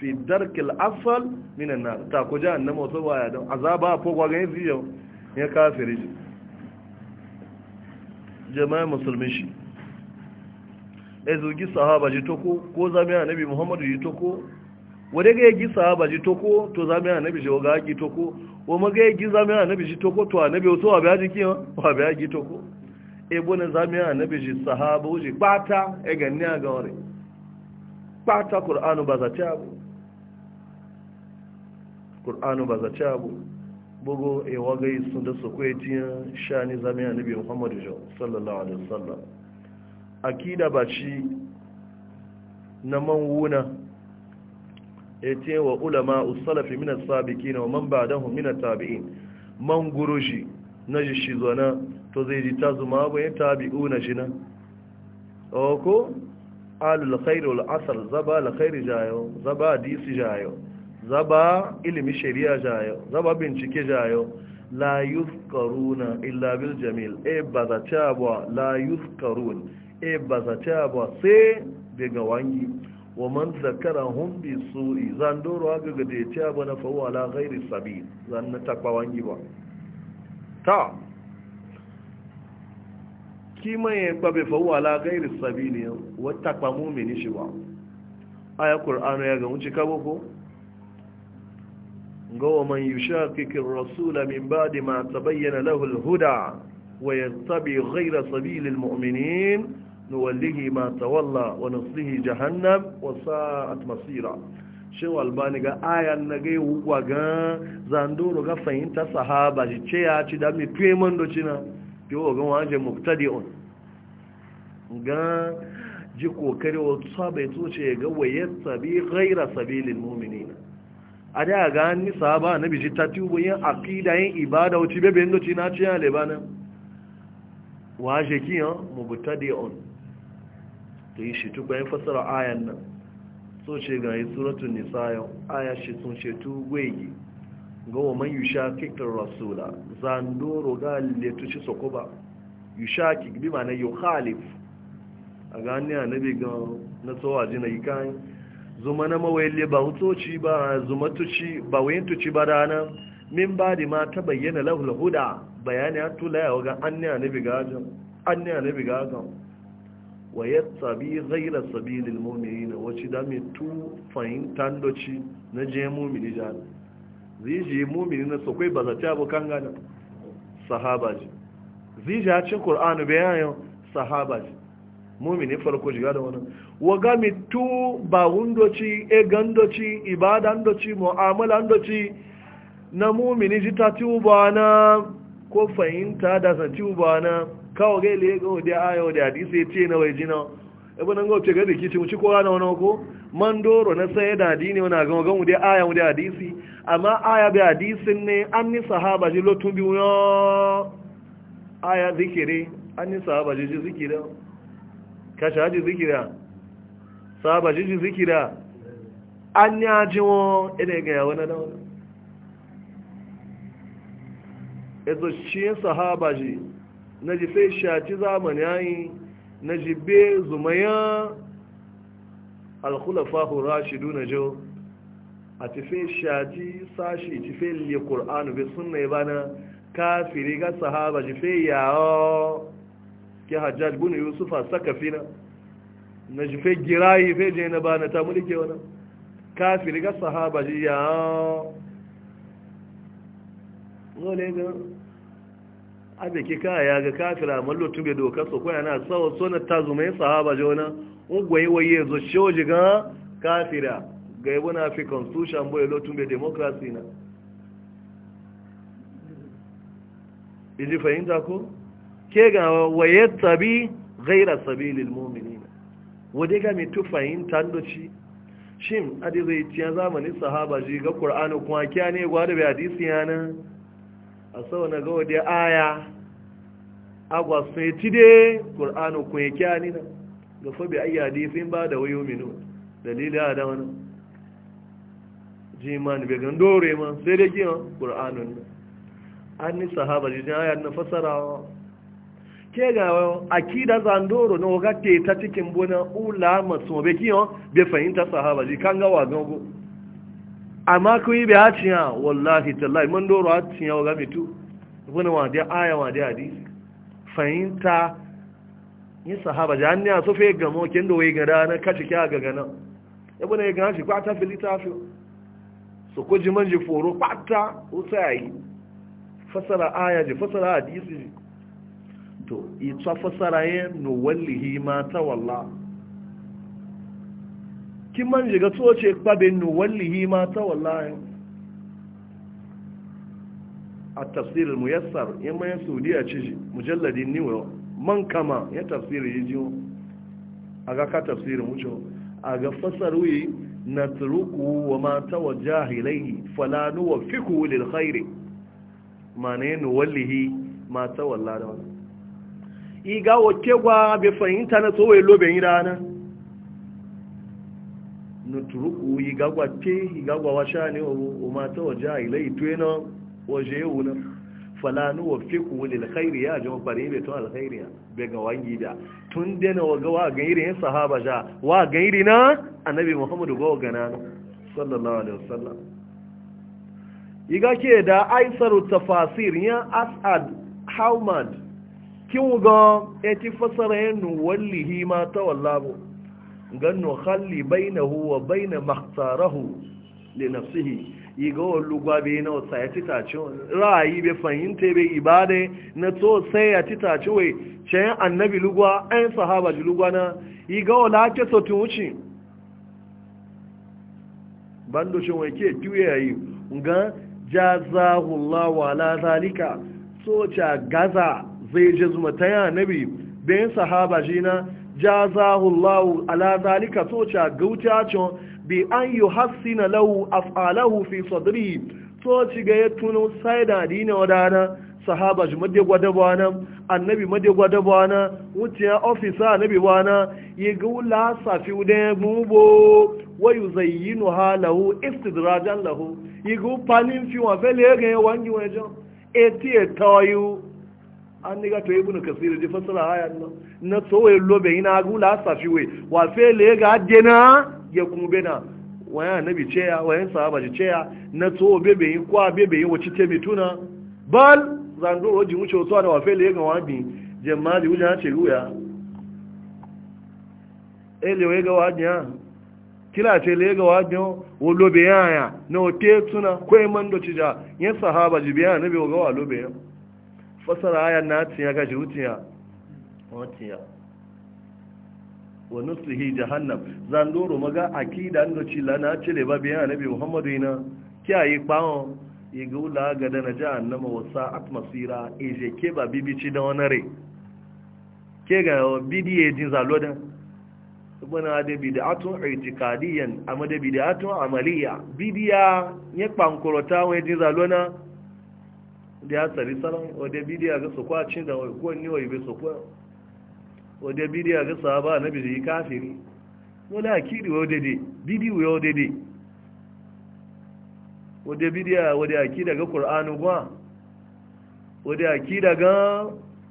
fi darkil afal minan na ta ko ji annama wasu waya don azaba a ko gwagan yin ya kafiri jama'a musulmi shi ezogi sahaba jitoko ko zami annabi muhammadu jitoko wade ga yagi sahaba jitoko to zami annabi je ga yagi toko wo maga yagi zami annabi jitoko to annabi so wa biya jiki wa biya yagi toko e bona zami annabi ji sahaba uji pata e ganni ga wore pata qur'anu ba za ta bu qur'anu ba za ta bu bugo e waga yi sun da su kwetiya shani zami annabi muhammadu sallallahu alaihi wasallam akida ba shi na manwuna ce wa ulama usalafi mina sabiki na man ba don mina tabi'in man guru shi na shi shi zona to zai ji ta zuma ya tabi'u na shi na Oko. alul khairu al'asar zaba la jayo zaba disi jayo zaba ilimi shari'a jayo zaba bincike jayo la yuzkaruna illa bil jamil e ba za ta la yuzkarun e ba za ta ba sai daga wangi wa man zakara hun bi su'i zan doro haka ga da ta ba na fawo ala ghairi sabi zan na takwa wangi ba ta kima ya ba bai fawo ala ghairi sabi ne wata kwa mini shi ba aya qur'anu ya ga wuce kabo ko wa man yushaqiqir rasula min ba'di ma tabayyana lahu al-huda ويتبع غير سبيل mu'minin nuwallihi ma tawalla wa nuslihi jahannam wa sa'at masira shin albani ga ayan na ga wuwa ga zandoro ga fahimta sahaba shi ce ya ci da mi peman do cina ke wo ga waje muktadi'un ga ji kokari wa sabai to ce ga waye sabi ghaira sabilil mu'minina a da ga ni sahaba na biji tatubo yin aqida yin ibada wuci bebe ndo cina ci ya lebana waje ki kiyan mubtadi'un ta yi shi tukwa fasara ayan nan so ce ga yi suratun nisayon aya shi sun ce tugwegi ga wa man yusha kikin rasula zandoro ga letuci soko ba yusha bi ma na yau khalif a gani a nabi ga na tsawa ji na yi kayan zuma na mawaile ba hutoci ba zuma tuci ba wayin tuci ba min ba di ma ta bayyana lahul huda bayani ya tula yawa ga an ne a nabi ga wa yattabi ghayra sabilil mu'minin wace da mi tu fahimtan doci na je mu'mini zai je mummini na sokai ba zata bu kan gana sahaba ji ziji a cikin Kur'anu bayanin sahaba ji Mummini farko shiga da wani wa ga mi tu ba wundoci e gandoci ibadan doci mu'amalan doci na mummini ji ta tuba na ko fahimta da sa tuba na kawo ga ile ga wadda aya wadda hadisi ya ce na waje na ebe nan ga ga rikici mu ci kowa na wani ko man doro na sai da dini wani ga ga wadda aya wadda hadisi amma aya bi hadisin ne an ni sahaba ji lotun bi yo aya zikiri an ni sahaba ji ji zikira ka shaji zikira sahaba ji ji zikira an ya ji wo ina ga wani na wani ezo shi sahaba ji na ji sai shaci zamani yayi na ji be zumaya alkhulafahu rashidu na jo a tafe shaci sashi tafe liye ƙur'anu bai sunna ya bana kafiri ga sahaba ji tafe yawo ke hajjaj gunu a saka fina na tafe girayi fe je na bana ta mulke wani kafiri ga sahaba ji yawo abin ki ka ya ga kafira mallo tube doka so ko yana sawa sona tazumai sahaba jona ugwaye waye zo shoji ga kafira ga yabona fi constitution boye lo tube democracy na iji fahimta ko ke ga waye tabi ghaira sabilil mu'minin wade ga mi tu fahimta ndoci shin adi zai tiya zamanin sahaba ji ga qur'ani kuma kya ne gwada bi hadisi yana a sau na gawa da aya agwa sun yi ti dai ƙur'anu kun yi kya na, ga fabi ayyadi sun ba da wayo minu dalilin a da ji man bai gan dore ma sai dai giyan ƙur'anun nan an ni sahaba jijin aya na fasarawa ke ga akida zandoro na wagatte ta cikin bunan ula masu mabe giyan bai fahimta sahaba ji kan gawa gango amma ku yi bai haciya wallahi tallahi man doro haciya wa game tu wani wade aya wade hadisi fahimta yi sahaba jahanni a sufe gama kin da wai gada na kashi kya ga gana ya bane gana shi kwata filita fi su ku ji man ji foro kwata ko sai fasara aya ji fasara hadisi to yi ta fasara yin nuwallihi ma wallahi kin man shiga jiga tsoce babin wallahi ma ta wallahi a tafsirin muyassar in mayan saudiya ci mujalladin niwa man kama ya tafsiri yi jiwo a ga ka tafsirin wucewa a ga fasaruyi na turuku ma mata wa jahilai falanu wa fiku lil khairi ma ne nuwallihi ma ta wallahi iga wa kegwa bai fahimta na tsohon lobe yi rana nuturuku yigagwa te yigagwa washa ne umata waje a ilai tuena waje yau na falanu wa fi ku lil khairi ya jama fare be to al khairi be ga wangi da tun dena waga wa ga irin sahaba ja wa ga na annabi muhammadu ga ga na sallallahu alaihi wasallam Iga ke da aisaru tafasir ya asad haumad kin ga eti fasara yanu wallahi ma tawallabo gan nukhalli bainahu wa baina makhtarahu li nafsihi iga wallu gwabe na wata ya ci ra'ayi be fahimta be ibade na to sai ya ci wai can annabi lugwa an sahaba ji lugwa na iga wala ke so tun wuce bando shin wai ke tuye yi ga jazahullahu ala zalika so cha gaza zai je zuma ta annabi bayan sahaba ji na jazahullahu ala zalika gauta gautacin bi an yuhassina hassina lahu af'alahu fi sadri to ci ga yatuno sai da dina wadana sahaba ji madde gwadabana annabi madde gwadabana bwana wuciya ofisa annabi wana ya ga wula safi udan mubo wa halahu istidrajan lahu ya ga panin fi wa fele ga wangi wajen eti etayu an ni gato ibnu kasir ji fasara hayan nan na tsoye lobe ina gula safi we wa fele ga dena ya kuma na wa waya nabi wa waya sahaba ji ceya na be bebe yi kwa be bebe yin wace temi tuna bal zando roji wuce wasu da wa fele ga wabi jemma ji wuce hace ruya ele wega wajiya kila ce le ga wajen wo lobe ya na ote tuna kwai man do ci ja yin sahaba ji biya na bi wa ga wa lobe yaya fasara aya na tiya ga jirutiya watiya wa nuslihi jahannam zan doro maga akida ndo cila na cile ba biya annabi muhammadu ina kiyaye yi iga wula ga da na jahannama wa sa'at masira eje ke ba bibici da wani re ke ga bidiye jin zalodan bana da bid'atun i'tikadiyan amma da bid'atun amaliya bidiya ya kpankurota wani jin zalona da ya tsari salon wadda bidiya ga su kwacin da kowanne wa waibe su kwa wadda bidiya ga sahaba na bidi kafiri da akiri wa wadda bidiyo ya wadda wadda a wadda akida ga ƙur'anu gwa wadda akida ga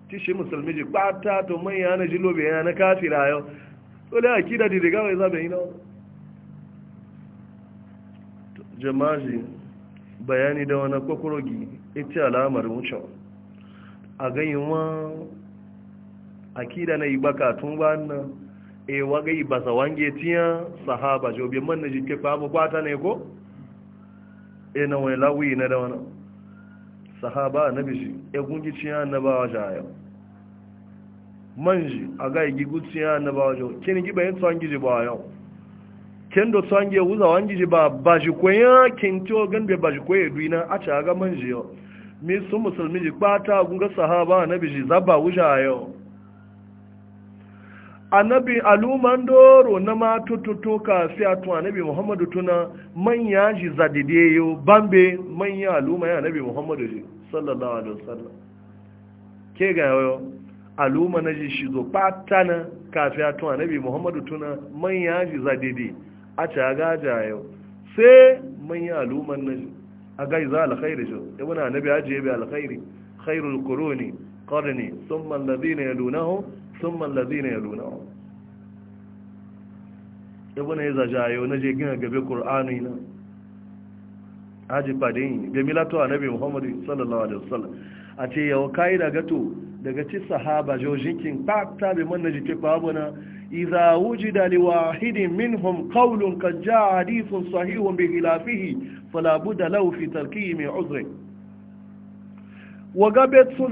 tishi musulmi ji kwata to mai yana jilo bai yana kafira yau wadda akida dede gawa ya zaɓe yi na wani bayani da wani kwakwarogi ita alamar wucin a ganyen wa akida na ibaka tun ba nan e ba sa wange tiya sahaba jo bi man ke fa bu kwata ne ko e na wai lawi na da wannan sahaba na shi e gungi tiya na ba wa jaya manji aga igi gutiya na ba wa jo kini gi bayin tsangi ji ba yau kendo tsangi uza wangi ji ba ba ji koyan kinto gan be ba ji koye duina a ta ga manji yau mi sun musulmi ji kpata gunga sahaba annabi ji zaba wuja yau anabi aluman doro na ma tututu ka fi atu annabi muhammadu tuna manya ji zadide yau bambe manya aluma ya anabi muhammadu ji sallallahu alaihi wasallam ke ga yau aluma na ji shi zo kpata na ka fi atu muhammadu tuna manya ji zadide a ta gaja yau sai manya aluman na ji a gai za alkhairi jo ibn annabi ya je bi alkhairi khairul quruni qarni thumma alladhina yalunahu thumma alladhina yalunahu ibn ya zajayo na je gina gabe qur'ani na aji padin ga milato annabi muhammadu sallallahu alaihi wasallam a ce yau kai daga to daga ci sahaba jojinkin ta bi man naji ke babuna idza wujida liwahidin minhum qawlun qad jaa hadithun sahihun bi khilafihi fala budda lahu fi tarkihi min uzri waga do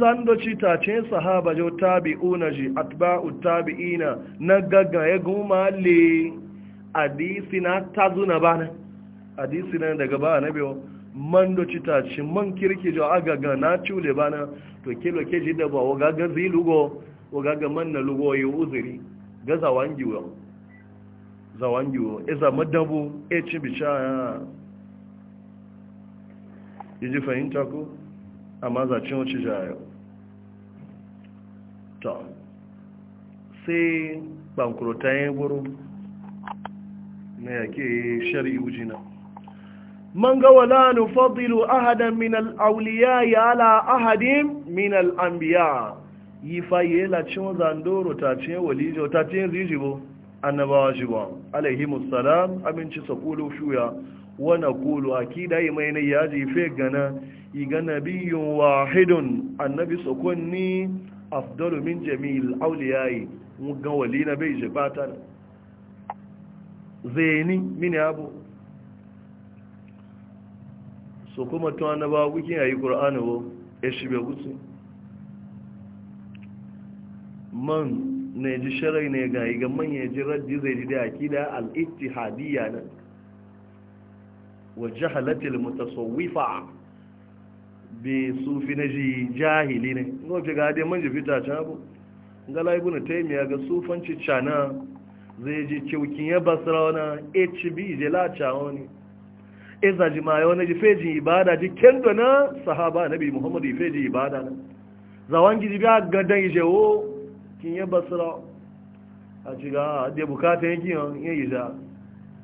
sahaba jo tabi'una ji atba'u tabi'ina na ya goma le hadisi na tazuna bana hadisi na daga ba man do man kirki jo agaga na cule bana to kilo ke da ba waga zilugo man na lugo yi uzuri ji fahimta ko a zacin wacce jayo ta sai bankurota ya buru na yake shari'i ujina man ga wala nufadilu ahadan min al'auliya ya ala ahadin min al'ambiya yi faye lacin zandoro ta ce walijo ta ce rijibo annabawa shi ba. jibo alaihimussalam abinci, sakulu shuya wana kulu a akida yi mai ne ya jefe gana iga nabiyun wahidun annabi sokonni afdalu min jami'il auliyayi mugan wali na bai je batar zeni mini abu so kuma tun annaba wikin yayi qur'ani wo ya shibe gutsu man ne ji sharai ne ga iga man ya ji raddi zai ji da akida al-ittihadiyya wa jahalatil mutasawwifa bi sufi na ji jahili ne ga wace ga hadin manji fita ta abu ngala ibn taymiya ga sufanci chana zai ji kyaukin ya basra wana hb je la chawo ne eza ji ma yawon ji feji ibada ji kendo na sahaba nabi muhammadu feji ibada na zawan ji ga gadan je wo kin ya basra a ji ga da bukata yankin yin yi za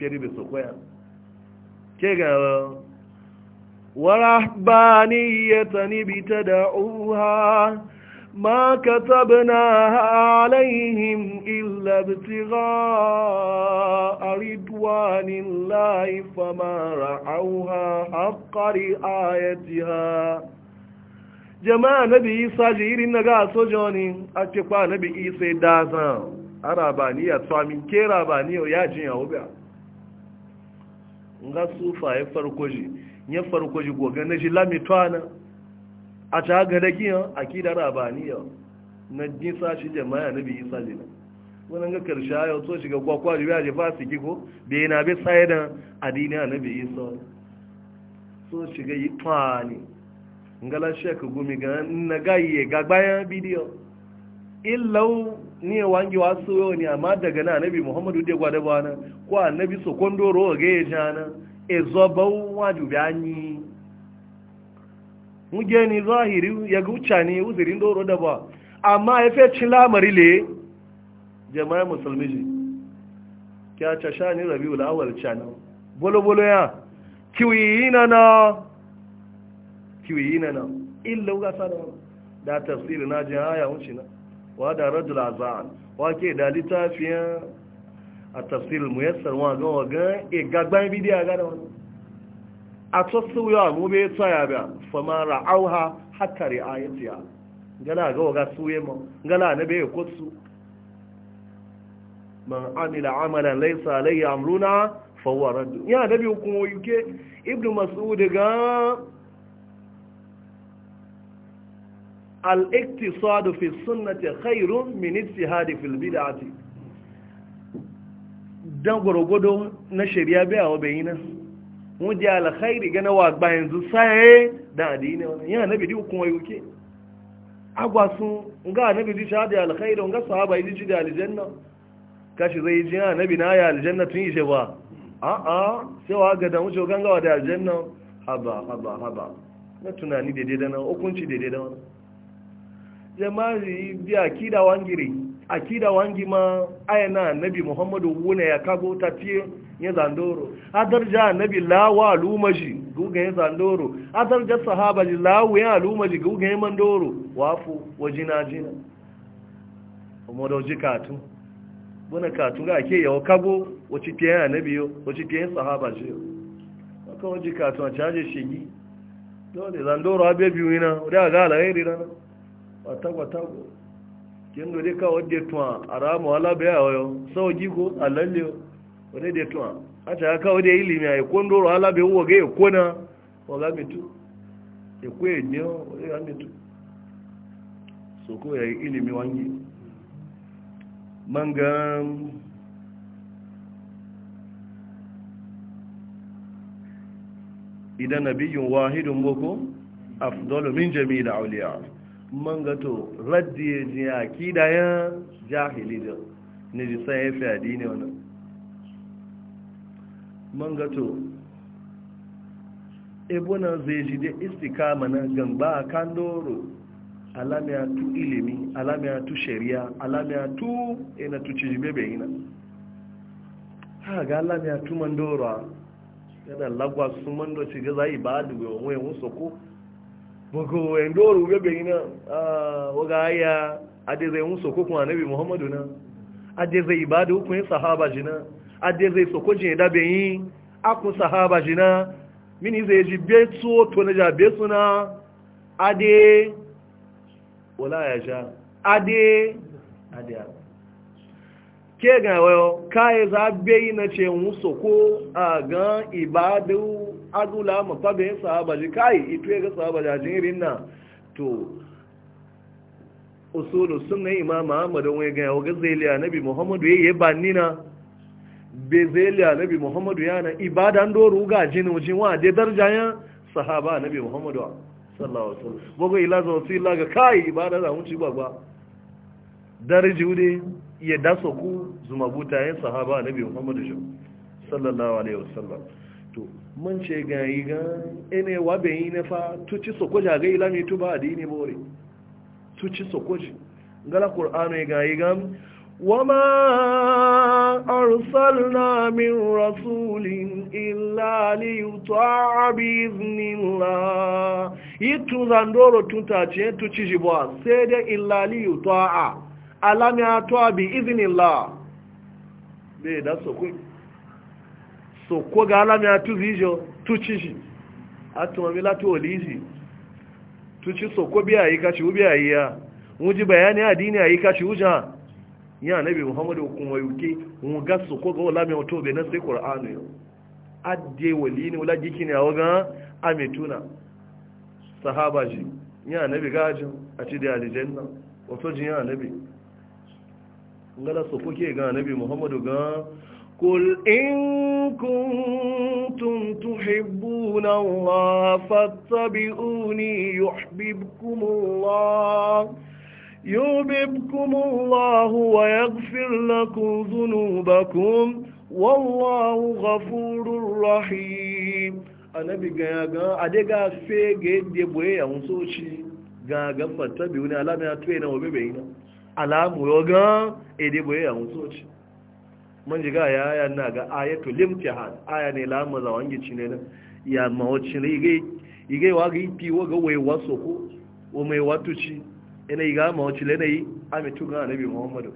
kere bi su koya ke ga warahbaniyata ni bi ta da'uha ma katabna alaihim illa bitigha aridwanin laifa ma ra'auha haƙari ayatiha jama'a nabi isa ji irin na ga ne a cikin bi isa ya da zan araba ni tsamin kera ba ni ya jin yawon nga sufa ya farko shi ya farko ji goga na shi lamitwana a ta haka da kiyan akidar yau. na jinsa shi jama'a na biyi isa jina wani ga karshe ya so shiga kwakwa ji ya jefa su kiko da yana bi tsaye da adiniya na bi isa so shiga yi twani ngala shek gumi ga na gaye ga bayan bidiyo illau ni wangi wasu yau ni amma daga na annabi muhammadu da gwada ba na ko annabi sokondo rowa ga ya ja na e zobau waju bi anyi muje ni zahiri ya guca ne uzirin doro da ba amma ya fe cin lamari le jama'a musulmi ji kya ta sha ni rabiul awwal chana bolo bolo ya kiwi na na kiwi na na illa ga sana da tafsir na jin aya wuce na wa da radul azan wake da litafiya a tafsir muyassar wa ga wa ga e gagban bidiya ga da wani a tsotsu ya mu be tsaya ba fama ra'auha hatta ri'ayatiya gana ga wa ga suye ma gana na be kotsu man amila amalan laysa alayhi amruna fa huwa radd ya nabi hukumu yuke ibnu mas'ud ga al'iktisadu fi sunnati khairun min ijtihadi fil bid'ati dan gwargwado na shari'a bai awa bai na wuje alkhairi gana wa gba yanzu sai da adini wannan yana nabi di kuma yuke agwa sun ga nabi di shahadi alkhairi ga sahaba yi ji da aljanna kashi zai ji yana nabi na ya aljanna tun yi ba a a sai wa ga da wuce gangawa da aljanna haba haba haba na tunani daidai da na hukunci daidai da wani. jama'i bi akida wangiri akida wangi ma aya na annabi muhammadu wuna ya kago ta ya zandoro a darja annabi lawa alumaji guga ya zandoro a sahaba ji lawa ya alumaji guga ya mandoro wafu wa jina jina umaroji katun buna katun ga ake yawa kago wacce fiye annabi yau wacce fiye sahaba ji yau waka wajen katun a caje shigi dole zandoro abe biyu yana wadda ga alayi rana watakwatago kendo dai kawo da tuwa a ramu alabe a wayo sau giko a lalle wani da tuwa a ta kawo ilimi a ikon doro alabe uwa ga ikona wa ga mitu ikon enyo wa ga mitu so ko ya yi ilimi wangi manga idan nabiyun wahidun boko afdolu min jami'il awliya Mangato gato raddi ya ji ya kida jahili da ne san ya fi adini wani man gato ebona zai ji da istikama na gamba a kan doro alamiya tu ilimi alamiya tu shari'a alamiya tu ina tu ci bebe ina ha ga alamiya tu mandoro yana lagwa su mando ci ga za yi ba a dubu ko boko endoro bebe ina waga aya adezai un soko kun anabi muhammadu na adezai ibada hukun sahaba jina adezai soko jin dabe yin akun sahaba jina mini zai ji betu to na ja betu na ade wala ya ja ade ade ke ga wayo kai za be ina ce un soko a gan ibadu agula mafabe yin sahabaji kai ito ya ga sahaba da jirin na to usulu sun na imam ahmad wai ga yawon zeliya na bi muhammadu ya yi ya na be zeliya na bi muhammadu ya na ibadan doru ga jini jin wa de darjayan sahaba na bi muhammadu sallawa alaihi wasallam bogo ila ilaga kai ibadan da wuce gbagba darji ude ya daso ku zuma yin sahaba na bi muhammadu sallallahu alaihi wasallam mun ce gayi ga ene wabe yi tuci sokoji a ilami tuba dini bori tuci sokoji gala ƙur'anu gayi ga wama arsal min rasulin illa li abi iznila yi tun zandoro tun tace tuci jibuwa sai dai illa li alami a bi iznila bai da sokoji so ko ga alami a tu vijo tu ci shi a tumami latu olisi tu ci so ko biya yi kashi ubi a yi ya wuji bayani dini a yi kashi uja ya nabi muhammadu kuma yuki wun ga so ko ga alami a tobe na sai kur'anu yau de wali ne wula jiki ne a waga amituna sahaba ji ya nabi gajin a ci da alijanna wato ji ya nabi ngala so ko ke ga nabi muhammadu ga قل إن كنتم تحبون الله فاتبعوني يحببكم الله يحببكم الله ويغفر لكم ذنوبكم والله غفور رحيم annabi ga ya ga ade ga ya so shi ga biyu alama ya man jiga ya aya na ga ayatu limtihan aya ne la maza wangi cine na ya ma wacce ne ige ige wa ga ipi wa ga wai waso ko o mai watuci ina iga ma wacce le nei ami tuga nabi muhammadu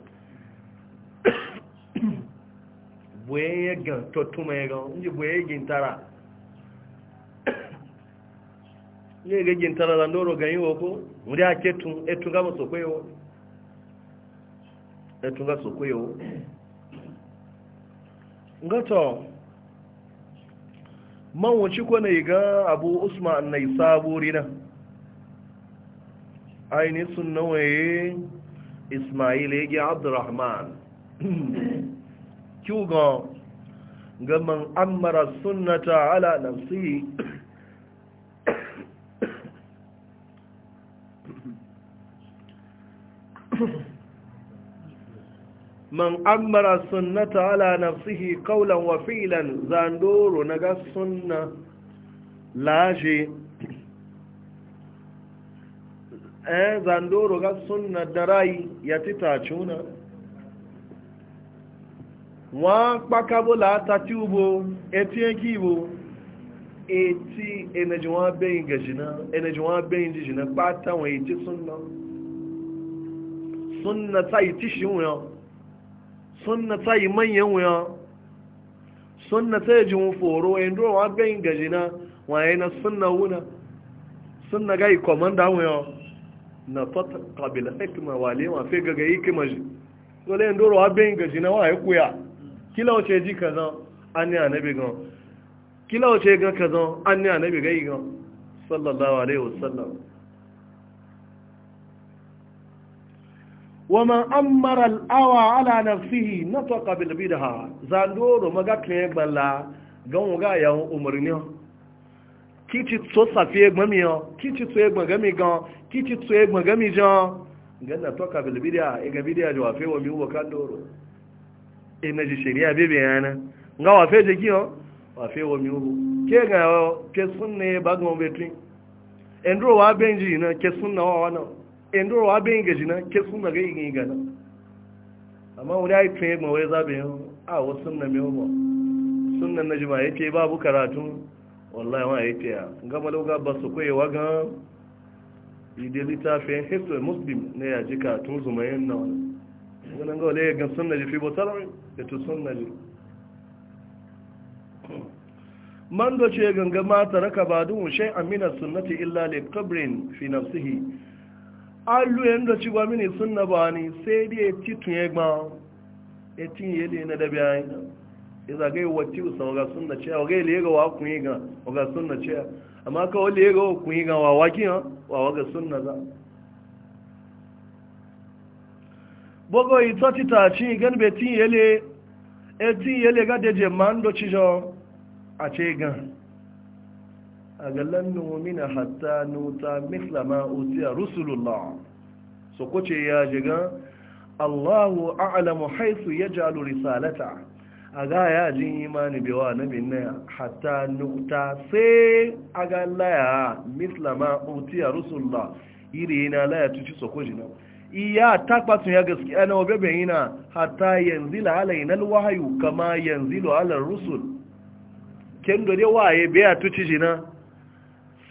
boye ga totuma ga inji boye gintara ne ga gintara da ndoro ga yiwo ko muri aketu etu ga maso koyo etu ga so koyo gato man wuce kone ga abu usman na isaburi na aini sun waye ismail ya gi abdurrahman kyugon gaman amara sunnata ala nafsihi man ammara sunnata ala nafsihi qawlan wa fi'lan zandoro naga sunna laje eh zandoro ga sunna darai ya tita chuna wa pakabo la tatubo etien kibo eti energy wa bein gajina energy wa bein jina pata wa eti sunna sunna ta iti shiun sunna ta yi manyan wuya sunna ta yi jin foro yin dorowa wa gaji na waye na sunna wuna sunna gai komanda wuya na fata kabila hikima wale ma fi gaga kima ji wale yin dorowa wa gayin gajina wa ya kuya kila wace ji zan an yi anabi gan kila wace gan zan an yi anabi gai gan sallallahu alaihi wasallam ومن أمر awa ana نفسه نطق بالبدعة زاندورو مغا كيبلا غون غا يا عمرني kici tso safiye gbami o kici tso egbon gami gan ci tso egbon gami jan ganna toka bil bidia e ga bidia jo afi wo mi wo kan doro e ji sheria bebe yana nga wa fe je kiyo wa fe ke ga ke sunne bagon betin endro wa benji na ke sunna wa wana endoro wa bin gaji na ke sun daga yin gana amma wani ya tun yagma wai zaɓe yau a wasu sunan mai ba na jima ya ke babu karatu wallahi ma ya ke ya gama lauga ba su kwaye wa gan ide littafin history muslim ne ya ji katun yin na wani ganin ga wale gan sunan ji fi botar da tu sunan ji man doce ganga mata raka ba duhun shai amina sunnati illa li qabrin fi nafsihi alu yin da ci mini sun na sai dai ya ci tun ya gba ya na dabi ayi ya zaga yi usan waga sun na cewa waga ile ga wa kun yi ga waga sun na cewa amma ka wale ga wa kun yi ga wa wa waga sun na za bogo yi ta ci ta ci gan be ti e ga de je man do ci jo a ce gan a galan numina hatta nuta misla ma utiya rusulullah so kwace ya jiga allahu a'lamu haisu ya risalata a ga ya jin imani bewa na binna hatta nuta sai a ga laya misla ma utiya rusulullah iri la laya tuci so kwaji na iya takbatun ya gaskiya na wabe ina hatta yanzila alaina alwahyu kama yanzilu ala rusul kendo dai waye biya tuci jina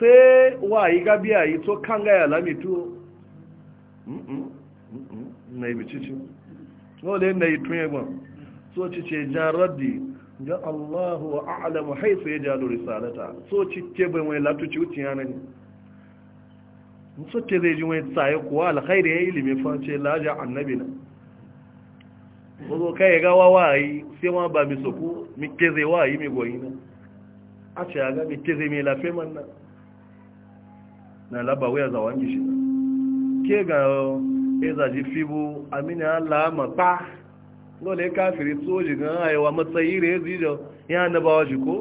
sai wa yi gabi a yi to kan gaya lamitu na yi bicici wale na yi tun yagbon so ci ce jan raddi ga allahu wa a'alamu haifu ya jalo risalata so ci soci bai wani latuci wuce yanar ne so ke zai ji wani tsaye kuwa alkhairi ya yi ilimin face laja annabi na wazo kai ya gawa wa yi sai wa ba mi soku mi ke zai wa yi mi goyi na a ce ya ga mi ke zai mai lafe man na laba wuya za wani shi ke ga eza ji fibu amini Allah ma pa lole kafiri soji gan ayewa matsayi re zijo ya annabawa shi ko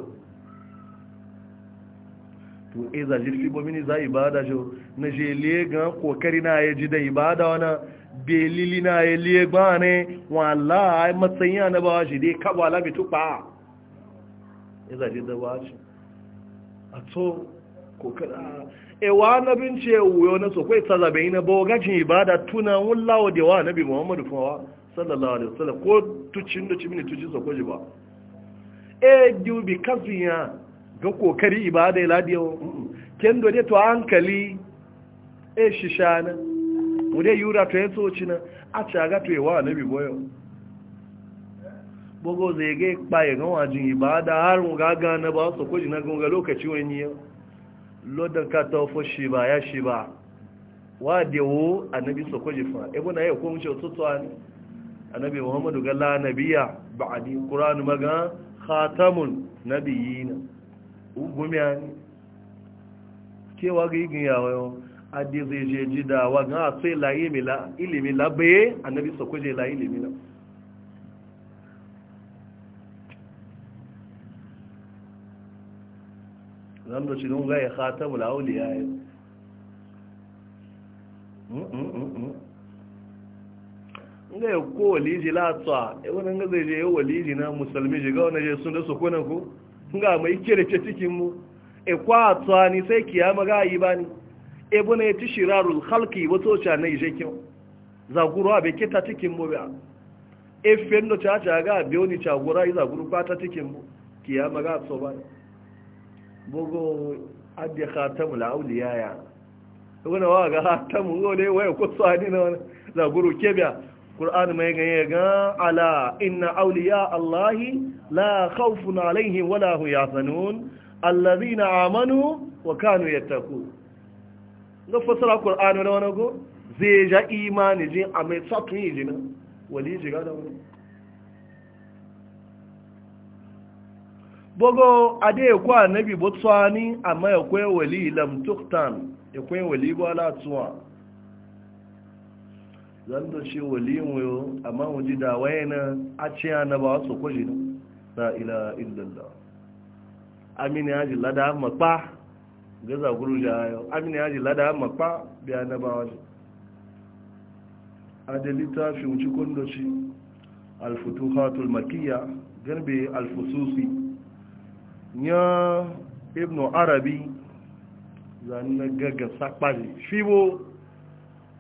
to eza ji fibu mini za ibada jo na je le ga kokari na ya ji da ibada wana belili na ya le gba ne wala matsayi annabawa shi dai kabala labi tupa e ji da wace a to kokara ewa na bince wuyo na sokwai tsazabe na bawagajin ibada tuna wulawa da wa nabi muhammadu fawa sallallahu alaihi wasallam ko tucin da cimini tucin sokwaji ba e dubi kasu ya ga kokari ibada ya ladiyo ken dole to hankali e shishana wude yura to yaso cina a caga to yawa nabi boyo bogo zai ga ipa ya ga wajin ibada har mu gaga na ba sokwaji na gonga lokaci wani yau ka ta kàtà shi ba ya shi ṣìbà wà dẹ̀wò annabi sọ kọjì fa ẹgbọ́n náà yẹ kó ń ṣe an? ni annabi muhammadu gala nabiya ba'adi kuranu maga khatamun nabi yi na ugumi a ni kewa ga igin yawa yau adi zai je ji da wa gan a tsaye la ilimi la annabi sọ kọjì la ilimi na zan da shirin ga ya khatabu ya yi mm, mm, mm, nga ya ko waliji latsa e nga zai je ya waliji na musulmi ji ga wani je sun da su kuna ku nga mai kirce cikin mu e kwa tsa ni sai kiyama ga yi bani e bune ya tishirarul khalqi wato cha ne je kin zaguru abe kita cikin mu ba e fendo cha cha ga biyo ni cha yi zaguru kwata cikin mu kiyama ga tso bani bugu adi khatamu awliya ya wani wa ga khatamu wani waya kusa hadi na wani zaguru kebiya qur'an mai ganye ga ala inna auliya allahi la khawfun alaihim wala hum yahzanun alladhina amanu wa kanu yattaqu ga fasara qur'an wani wani go zai ja imani jin amai satun yi jina wali jiga da wani bogo ade ekwe anabi botswani amma ekwe wali lam tuktan ekwe wali ba la tsuwa zan da shi wali mu amma mu da wayana a ce annaba wasu kwaji ne la ila illallah ya ji lada makpa gaza guru jayo ya ji lada makpa bi annaba wasu adelita fi mu ci kondo shi al-futuhatul makiyya garbi al-fususi ya ibnu arabi zanna gaga sakpari fibo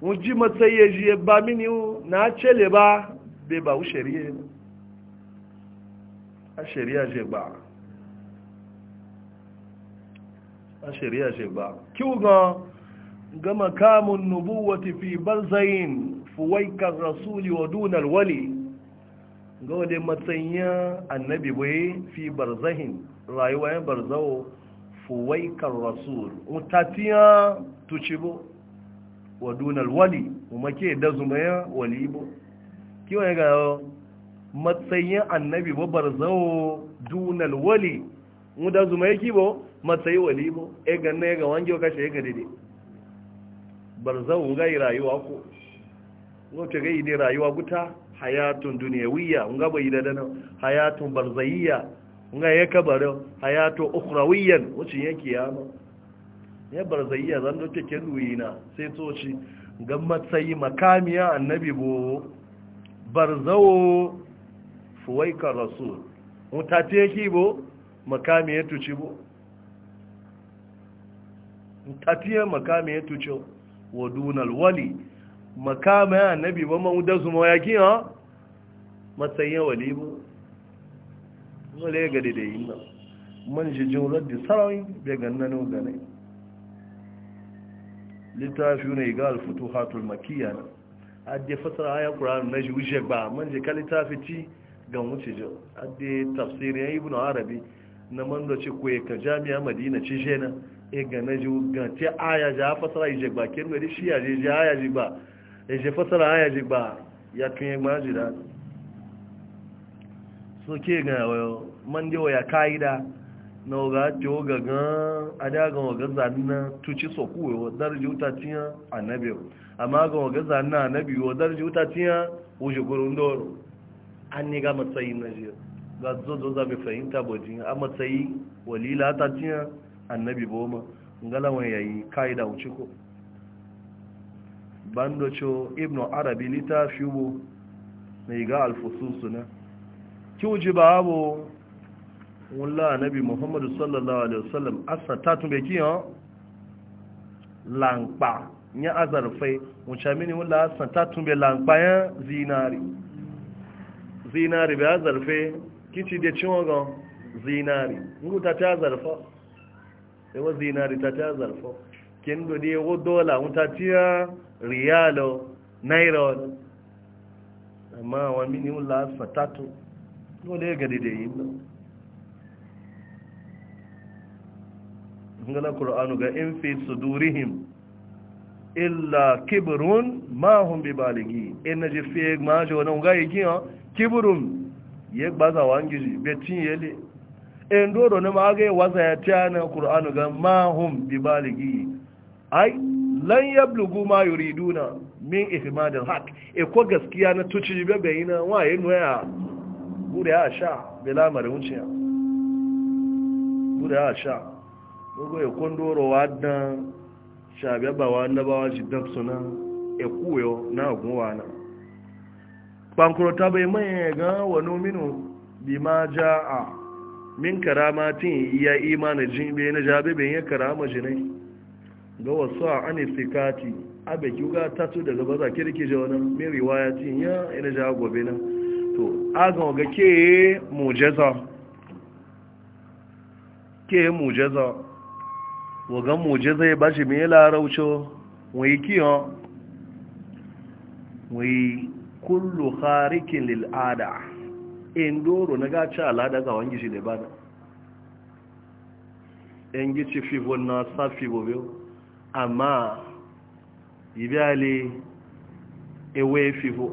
wọ́n ji matsayi ya ji ba mini na cele ba bai ba wu shari'a a shari'a je ba a shari'a je ba kiwu ga gama kamun nubuwati fi fuwai fuwaikar rasuli wa dunar wali ga wadda matsayin annabi bai fi barzahin rayuwa kan barzawo fuwaikar rasul utatiya tucibo wa dunar wali umake da ya wali bo kiwa ga matsayin annabi bo barzawo dunar wali mu da zumaya kibo matsayi wali bo e ganna ya ga wange kashe e ga dide barzawo ga rayuwa ko wace ga yi rayuwa guta hayatun duniyawiya ngaba yi da dana hayatun barzayiyya nga ya kabarin hayato ukrawiyan wucin ya kiyama ya barzayya zan doke kenduina sai toci ga matsayi makamiya annabi bo barzawo fuwaika rasul mutate yake bo makamiya tuci bo mutatiya makamiya tuci wa dunal wali Makamiya, annabi ba ma da ma yakin ha matsayin wali bo zole ga daidayin nan man jin raddi sarawin bai gannanin ganai littafi ne ga alfutu hatul makiya na adde fasara aya ƙura'ar na ji wuce ba man je ka littafi ci ga wuce ji adde tafsirin na arabi na man da ci kwaye ka jami'a madina ci jena e ga na ji ce aya ja fasara ije ba kirmari shi ya je aya ji ba ya e je fasara aya ji ba ya tun yi ma ji da so ke ga man dewa ya kaida na oga ce oga gan adagan oga zani na tuci so kuwa darji wuta tiya annabi amma ga oga zani na nabi wa darji wuta tiya oje gurin doro an ne ga matsayi na jiya ga zozo za mai fahimta bojin a matsayi walila ta tiya annabi boma ngalawan yi kaida wuce ko bando cho ibnu arabi litafi wo mai ga alfusun suna kiwuji ba abu wula nabi muhammadu sallallahu alaihi wasallam asa ta tun beki yan lankpa ya azarfai wucamini wula asa ta tun be lankpa yan zinari zinari bai azarfai kici da ciwon gan zinari nguta ta azarfa ewa zinari ta ta azarfa kin do de wo dola ta tiya riyalo nairo amma wa mini wula asa ta tun dole da yi ba ngana qur'anu ga in fi sudurihim illa kibrun ma hum bi baligi in je fi ma jo na ga yi ha kibrun ye wa wangi be tin le en doro na ma ga waza ya na qur'anu ga ma hum bi baligi ai lan yablugu ma yuriduna min ihmadil haqq e ko gaskiya na tuci be bayina wa yin waya gure a sha bela mara wuciya gure a sha gbogbo ikon dorowa dan shabiabawa annabawa jidan suna ekuyo na agunwa na bankurota bai maye ga wani minu bi ma ja a min karama tin iya imanin jimbe na jabe bai yi karama jinai ga wasu a anifikati abe kiuga tatu daga baza kirki jona mai riwaya tin ya ina ja gobe na to agan ga ke mujaza ke mujaza wagan mujaza ya bashi mai larauco wai kiyon wai kullu harikin lil'ada in doro na gaci al'ada ga wangi shi da ba da yan gici fifo na safi gobe biyu amma ibi ale ewe fifo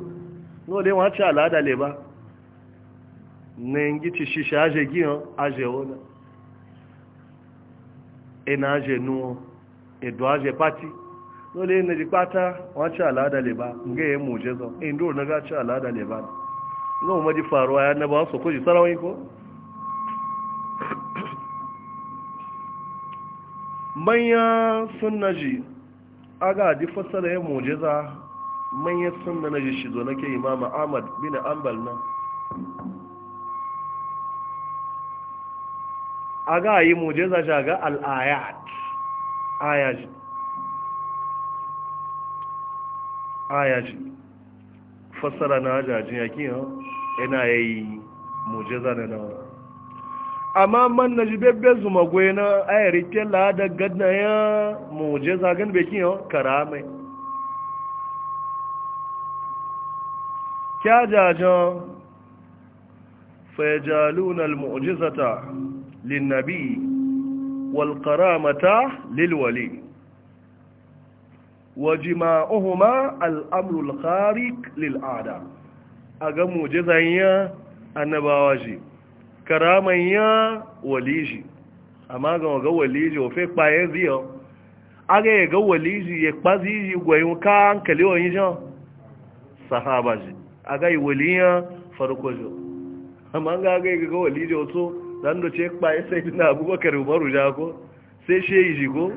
no le wa cha alada le ba ne ti shisha aje gi aje ona e na aje nu e aje pati no le ne pata wa cha alada le ba nge e mujezo na ga no faruwa ya ba ko sunnaji aga di ya manyan sunna na shi zo nake imama ahmad bin ambal na a ga yi mujiza shi ga al'ayat ayaji ayaji fassara na ajajin yaki yau ina ya yi mujiza na nawa amma man na jibebe zuma gwe na ayarikin la'adar gadna ya mujiza gan bekin yau karamai Kya kyajajen fayajalunar mu'ujizata linnabi walƙaramata lilwali wajima'uhuma al'amrul kharik lil'ada a ga mu'ujizan ya annabawa shi karaman ya wali shi amma ga ga wali shi ofe kpaye ziyo a ga ya ga wali shi ya kpazi shi gwayin ka hankali wani jan sahaba shi a ga waliya farko jo amma ga ga ga wali da wato dan da ce ba sai na abubakar umaru ja ko sai shi ji ko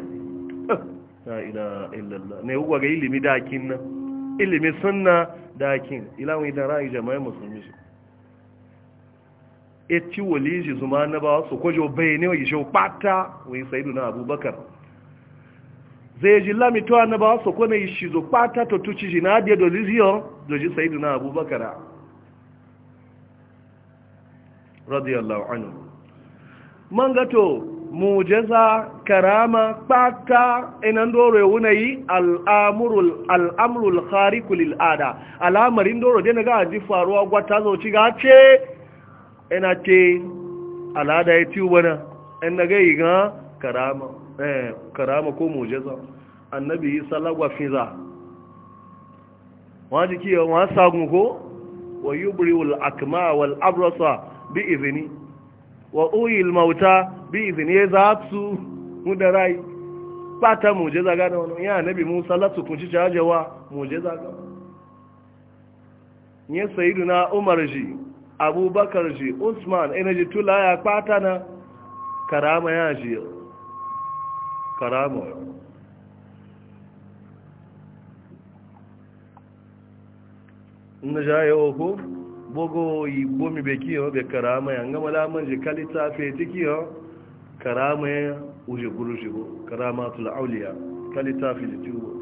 na ilaha illallah ne uwa ga ilimi dakin na ilimi sunna dakin kin ila ra'ayi jama'a musulmi shi e ci wali ji zuma na ba su kojo bai ne wa gisho pata wai sayyiduna abubakar zai ji lamito annaba so kone yi shi zo kwata ta tuci ji na dia dozi ziyo doji na abubakar radiyallahu anu man gato mujaza karama kwata inan doro ya yi al'amurul al'amrul al'ada al'amarin doro dai naga gaji faruwa gwata zo ci ga ce ina ce al'ada ya ciwo bana ina naga karama Eh, karama ko mujiza annabi isa lagwa fiza jiki yau wa sagun ko wa yubriul akma wal abrasa bi izini wa uyil mauta bi ya za su rai pata mujiza gada wọn ya annabi musa latu kun ci gada wọn ga ne sayyiduna umar ji abubakar ji usman ina tula ya pata na karama ya ji haramu na jaye oku bugu igbo mi be kiyo be karama ya ngama da ji kalita fe tikiyo karama ya uji guru karama tula auliya kalita fi tiwo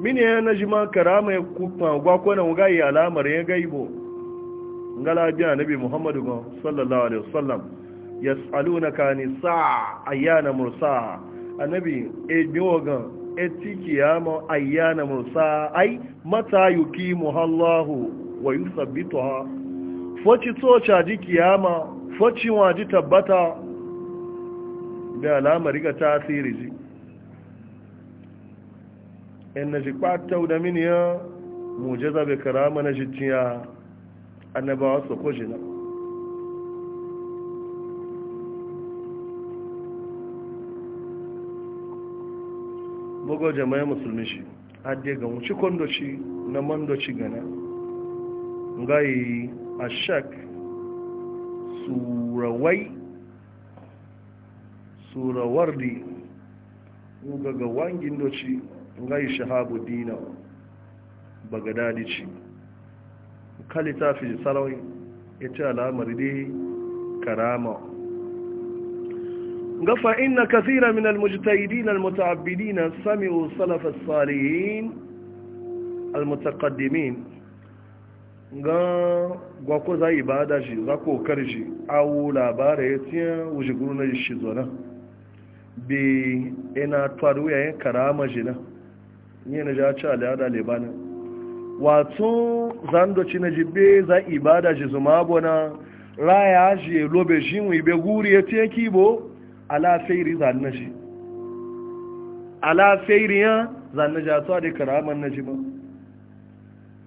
mini ya na jima karama ya kuma gwa kona wuga alamar ya gaibo ngala bi annabi muhammadu sallallahu alaihi wasallam yas'alunaka ni sa'a ayyana mursa annabi e biwoga e tikiyama ayyana mursa ai mata yuki muhallahu wa yuthabbituha foci tsoca ji kiyama foci waji tabbata da alamari ga tasiri ji in na ji kpatau da miniya mujaza bai karama na jitiya annabawa su kujina bugo jama'a musulmi shi adde ga wuce kondoci na mandoci gana ngayi ashak surawai di ga ga wangin doci ngayi shahabu dina bagadadi ci kalita fi sarawai ita alamar dai karama gafa inna kathira min al-mujidai almujtahidin almutaabbidin sami'u salaf as-salihin almutaqaddimin ga gwa ko za ibada shi za ko karshi awu labara ya tiya wuce guru na shi zona bi ina taru yayin karama shi na ni na ja ci al'ada libana wato zandoci na ji be za ibada shi zuma bona raya shi lobe shi mu ibe guri ya tiya kibo alafairi zanna shi alafairi ya zanna a to da karaman na shi ba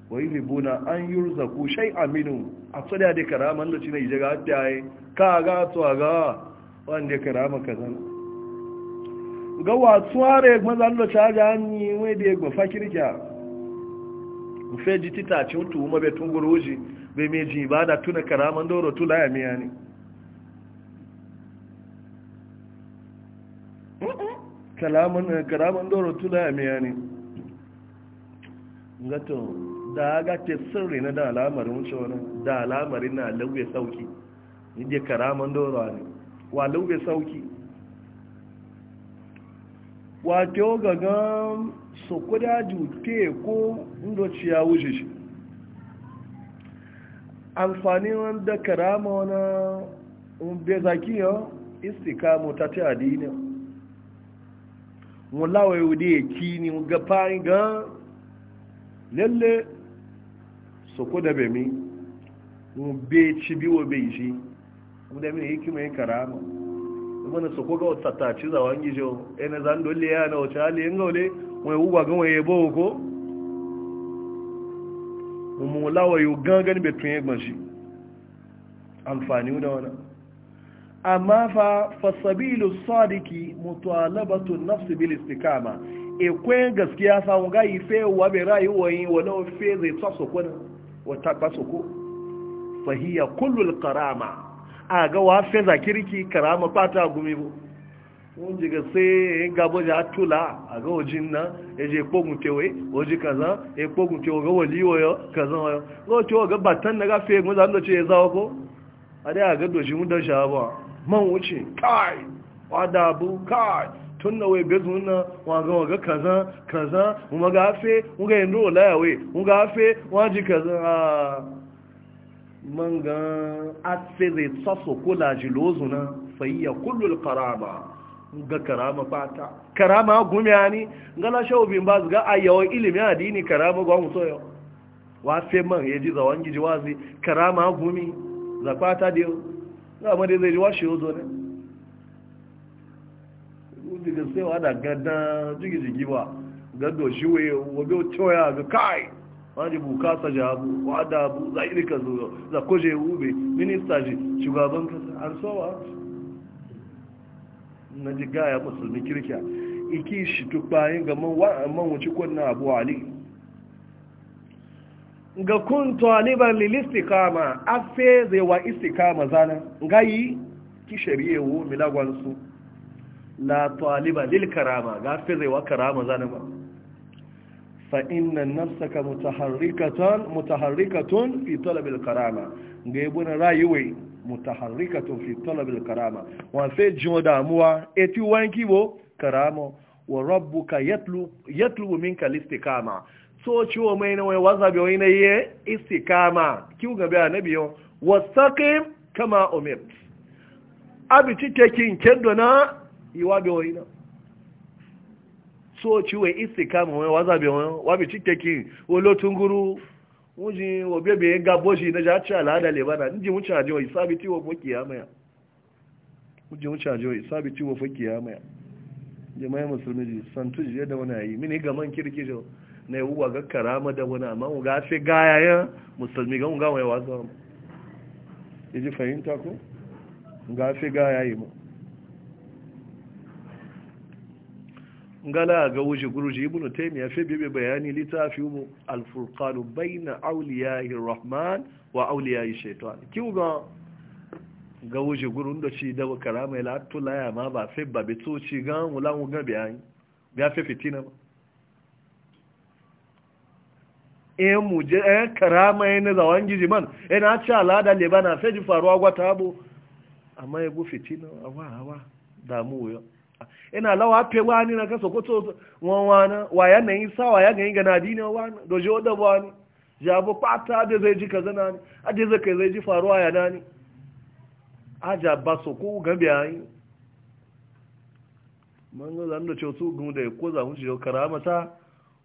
wai libuna an yurzaku shay aminu a to da da karaman na shi ne jaga tayi ka ga to ga wanda karama zan ga wa tuare mazan lo chaja ni we de gba fakirja mu feji tita ci mutu mu be mai be meji ibada tuna karaman doro tula ya miyani kalaman eh, karaman doro tula ya miya ne gato da aga ce sirri na da alamarin wuce wani da alamarin na lauye sauki inda karaman doro ne wa lauye sauki wato gagan su kuda jute ko ndoci ya wuce shi amfani wanda karama wani bezaki yau istikamu ta ce adini mulawa yau da ya kini ga fa'in ga lalle su ku da mi, mu be ci bi biwo bai shi mu da ki hikima ya karama mana su ku ga wata taci za wani gijo ya na zan dole ya na wata hali yin gaule wani wuba gan waye bo ko mu mulawa yau gangan betun ya shi, amfani da wani amma fa fasabilu sadiki mutalabatu nafsi bil istikama ikwe e gaskiya fa mu gayi fe wa be rayuwa yi wa law fe zai tsaso kuna wa tabaso ko fa hiya kullul karama a ga wa fe zakirki karama fata gumi e bo wọ́n jẹ́ gẹ̀ẹ́sẹ́ gabọ́jà tula àgọ́ òjì ńná kaza ìpógun tewé òjì kazan ìpógun tewé ọgọ́wọ̀ líwọ̀yọ́ kazan ọyọ́ lóòtí ọgọ́ bàtán náà fẹ́ gúnzà lóòtí ẹzá ọkọ́ adé àgọ́dọ̀ṣì ń dọ́ṣà bọ́ man wuce kai wadabu kai tun da wai bezu nuna wanzu waga kaza kaza kuma gafe muga yin rola Mu muga afe waji kaza a ah, manga atse zai tsaso kula jilozu na sayya kullul karama ga karama fata karama a ni gana shawubin ba su ga ayyawa a dini karama ga mutu yau wa fe man ya ji zawon gijiwazi karama gumi zafata da yau dama dai zai yi washe yau ne wanda ga sai wa da gada jigi ba gado shi waye wabe cewa ga kai wani buka sa jabu wada bu za iri ka zuwa za koje ube minista ji shugaban kasa an sowa na ji kirkiya man wuce abu ali ga kun taliban lilistikama afe zai wa istikama zana gayi ki shari'ewu milagwansu la taliban lil karama ga afe zai wa karama zana ba fa inna nafsaka mutaharrikatan mutaharrikatun fi talabil karama ga ibuna e rayuwai mutaharrikatun fi talabil karama wa fe jiwo damuwa eti wanki bo karama wa rabbuka yatlu yatlu minka listikama so ciwo mai na waza bai wai na istikama kiwu gabe a na yau kama omet abi cike kin kendo na iwa biyo wai so ciwo istikama wai waza bai wabi cike kin wolo tunguru wujin wo bai ga na jaci al'ada lebana inji wuce ajiyar isabi tiwo boki ya maya isabi jama'ai musulmi santu wani ayi mini gaman na yi uwa ga karama da wani amma ga fi gayayen musulmi ga unga wai wazo mu Iji fahimta ku? ga fi gayayi mu ngala ga wuce guruji ibnu taymiya fi bebe bayani littafi mu alfurkanu furqan bayna awliya'i rahman wa awliya'i shaytan kiuga ga wuce guru da ci da karama latu laya ma ba fi ba ci ga wulan wugan bayani ya fi fitina ba Emu je e karama yana za giji man ina ci alada leba na sai ji faruwa gwata abu amma ya e awa awa damu yo ina e, lawa pe wani na kaso koto wanwana wa ya na isa wa ya gani na nadini wani doje oda wani jabo pata da zai ji kaza nani a je zai eji ji faruwa ya nani aja baso ko gabe ayi manzo zan da cewa ko za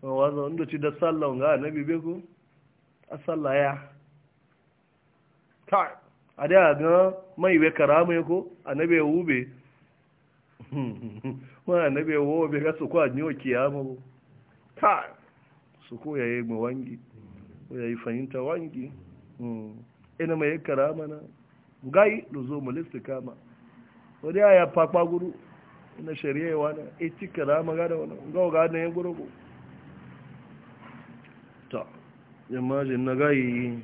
wazan wanda ci da sallah ga annabi be ko a sallah ya ta a da ga mai be karama ko annabi ya wube wa annabi ya wube ga su kwa ni wa kiyama ko ta su ko yayi mu wangi ko yi fahimta wangi hmm. ina mai karama na gai luzo mu listikama wadda ya faɓa guru Ina shari'a yawa na iti e karama ga da wani gawa ga na yin guru jamajin na gayi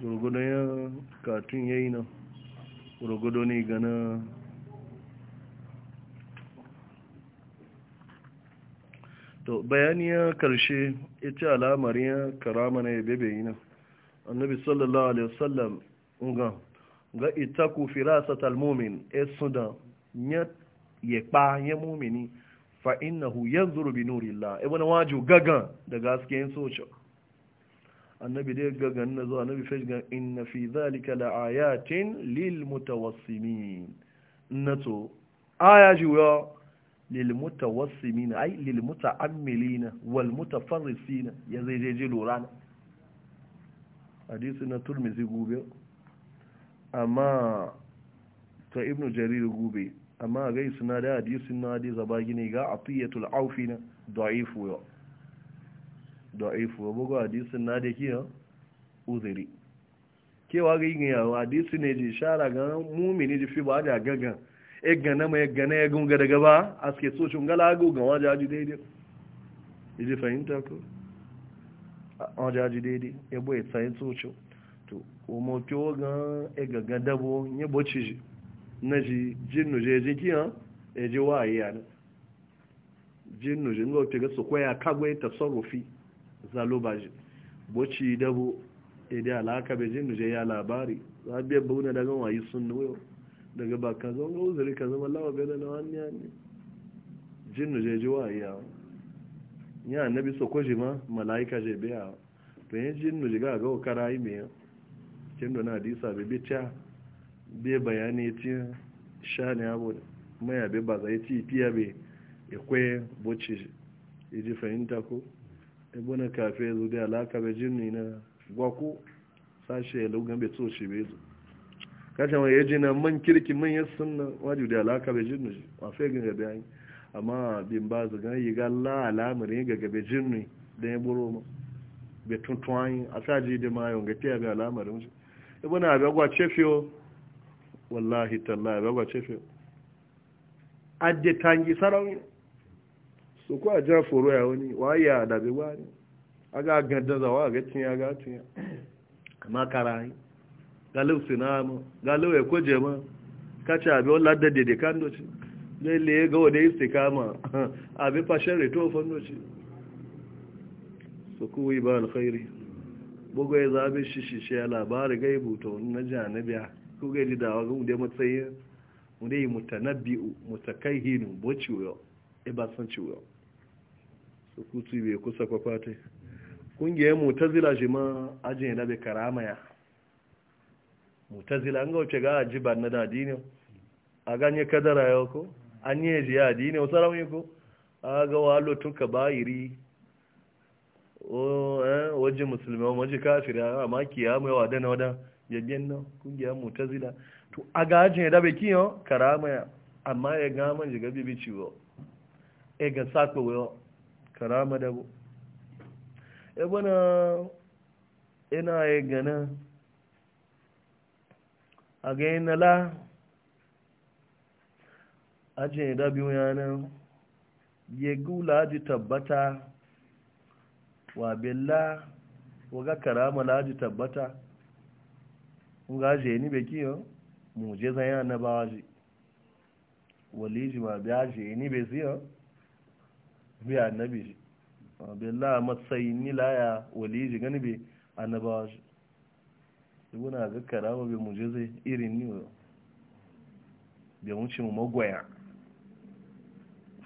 gurgudu ya katun ya yi na gurgudu ne gana to ya karshe ita alamar ya karama na ya bebe yi na annabi sallallahu alaihi wasallam nga ga itaku firasat almumin ya e nya ya momini fa'in na fa innahu yanzuru bi ebe na waju gagan daga hasken socho annabi dai ga ganin na zuwa annabi fesh gan inna fi zalika la ayatin lil mutawassimin nato aya ji wa lil mutawassimin ai lil mutaammilin wal mutafarrisin ya zai je je lura na hadisi na turmizi gube amma ta ibnu jarir gube amma gaisu na da hadisi na da zabagi ne ga atiyatul aufina da'ifu yau da'ifu wa bugu hadisin na da kiyan uziri kewa ga yin yawa hadisi ne ji shara ga mumini ji fi ba da gagan e gana mai gana ya gunga daga ba a suke so shun gala gugan wajaji daidai iji e fahimta ko wajaji daidai ya e boye tsayin to ga e dabo ya shi na ji jin nuje e ji wa a yi yana jin nuje ga su kwaya kagwai zalo ba shi bocci dabo idan alaka bai jin nuje ya labari rabiyar bauna daga wayi sun nuyo daga ba ka zama ga uzuri ka zama lawa bai da na wani ne jin nuje ji wa ya annabi so ma malaika je biya to yin jin nuje ga ga kara yi me kin do na hadisa be bicha bayani ti shani abu mai ba zai ti bocci fahimta ibuna kafe zu da alaka bai jinni na gwako sashe lugan bai tsoci bai zu kashin wani yaji na man kirki man ya sunna wajen da alaka bai jinni a fe gan gabe amma bin ba zu gan yi ga la ga gabe jinni da ya buro ma bai tuntuwan a saji da ma yau ga tiya ga alamarin shi ibuna abin gwa cefiyo wallahi tallahi abin gwa cefiyo adde tangi sarauni so ko a foro ya wani wa ya da be wani aga wa ga tinya ga tinya amma karai sinama galu e kacha abi wala da dede kando ci lele ga wada istikama abi fashin reto fando ci so ku yi ba alkhairi shi shi shi labari gaibu na janabiya bo e ba san su bai kusa kwafatai kungiyar mutazila shi ma ajin yana bai karama ya mutazila an gauce ga wuce ba na da adini a ganye kadara yau ko an yi ajiye ji adini wasu rauni ko a ga walo tun ka bayiri eh, waje musulmi wa waje kafiri ah, a maki ya mai wada na wada yabbiyan nan kungiyar mutazila to a ga ajiye na bai kiyo karama ya amma ya gama jigabi bi ciwo ya ga sakwa wayo karama da bu e bana ina ya gana a na la nala ajin da biyu yanar ya gula ji tabbata wa bella waga karama la ji tabbata nga je ni be kiyo mu je zan yana ba ji waliji ma biya je ni be ziyo bi annabi shi bella matsayi nilaya wali ji gani bi annabawa shi ibuna ga karama bai muje zai irin ni bai wuce mu magwaya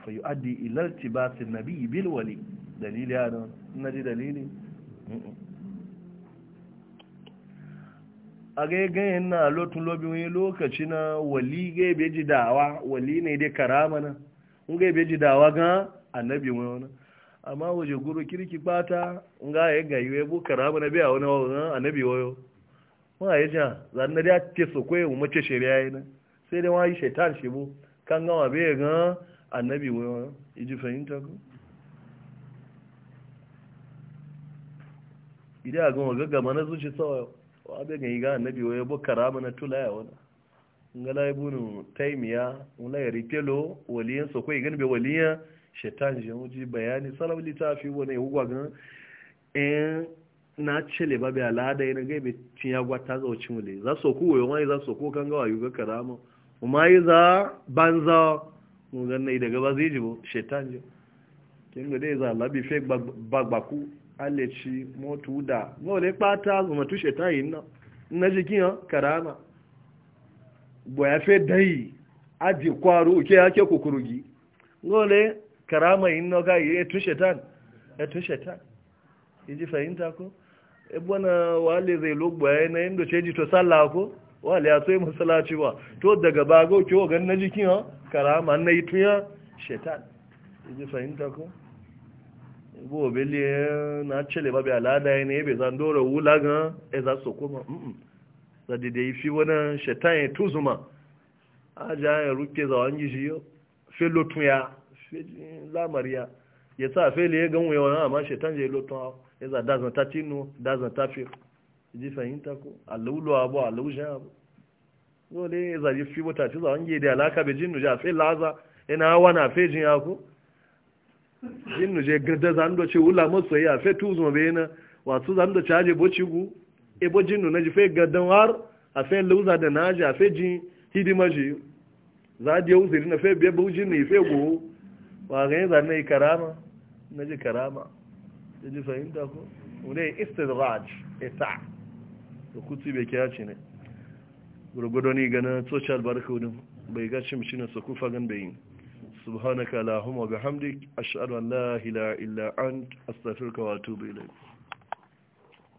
fa yu'addi ila irtibatin nabi bil wali dalili ya don na ji dalili a ga ganyen na lotun lobi wani lokaci na wali ga bai ji dawa wali ne dai karama na ga bai ji dawa ga annabi wani amma waje guru kirki bata nga ya ga yiwe bu karamu na biya wani wani annabi wayo ma ya ja zan da ya ce so koyi mu mace shari'a yana sai dai wani shaitan shi bu kan gama bai ga annabi wayo iji fahimta ko idan a gama na zuci sawa wa bai ga yiga annabi wayo bu karamu na tula ya wani ngala ibunu taimiya wala ya ripelo waliyan so koyi ganbe waliyan shaitan shi wuji bayani salam littafi wani hugwa gan ɗayan na cile ba bai al'ada yana gaibe cin ya gwata za wacin wule za so ku wayo yi za so ku kan gawa yuga karama kuma yi za banza mun gan nai daga ba zai ji bo shaitan ji kin ga dai za labi fake bagbaku aleci motu da gole pata zuma tu shaitan yi na na jikin karama bo ya fe dai aji kwaro ke yake kukurugi gole karama yin ga ya eh, tu shetan ya eh, tu shetan iji fahimta ko ibwana e, wale zai logba ya eh, na yin da ji to sallah ko wale ya tsoye masalaci ba to daga bago ki wa gan na jikin ha oh, karama na yi tuya shetan iji fahimta ko ibo e, bele na cele ba alada alada ne be zan dora wula ga e za su koma mm za dide yi fi wani shetan ya tuzuma a ya ruke za wangi jiyo fe lotun ya lamariya ya sa fele ya ganwe wani amma shaitan je loton ya za dazan ta tinu dazan ta fi ji fahimta ko alulu abu alushin abu dole ya za ji fi wata ci za wange da alaka bai jinnu ja fe laza ina hawa na fe jin ya ku jinnu je gadda za ndo ce wula masu ya fe tuzo bai na wasu za ndo caje boci gu e bo jinnu na ji fe gaddan war a fe lauza da naji a fe jin hidima ji za a je uziri na fe biya bujin ne fe gowo ba ga yi karama na ji karama ya ji fahimta ko wani istidraj ita da kutu bai kya ce ne gurgudu ne ganin social wudin bai gashi mashi shi na sakufa gan bayin subhanaka lahumma bihamdik ashhadu an la ilaha illa ant astaghfiruka wa atubu ilayk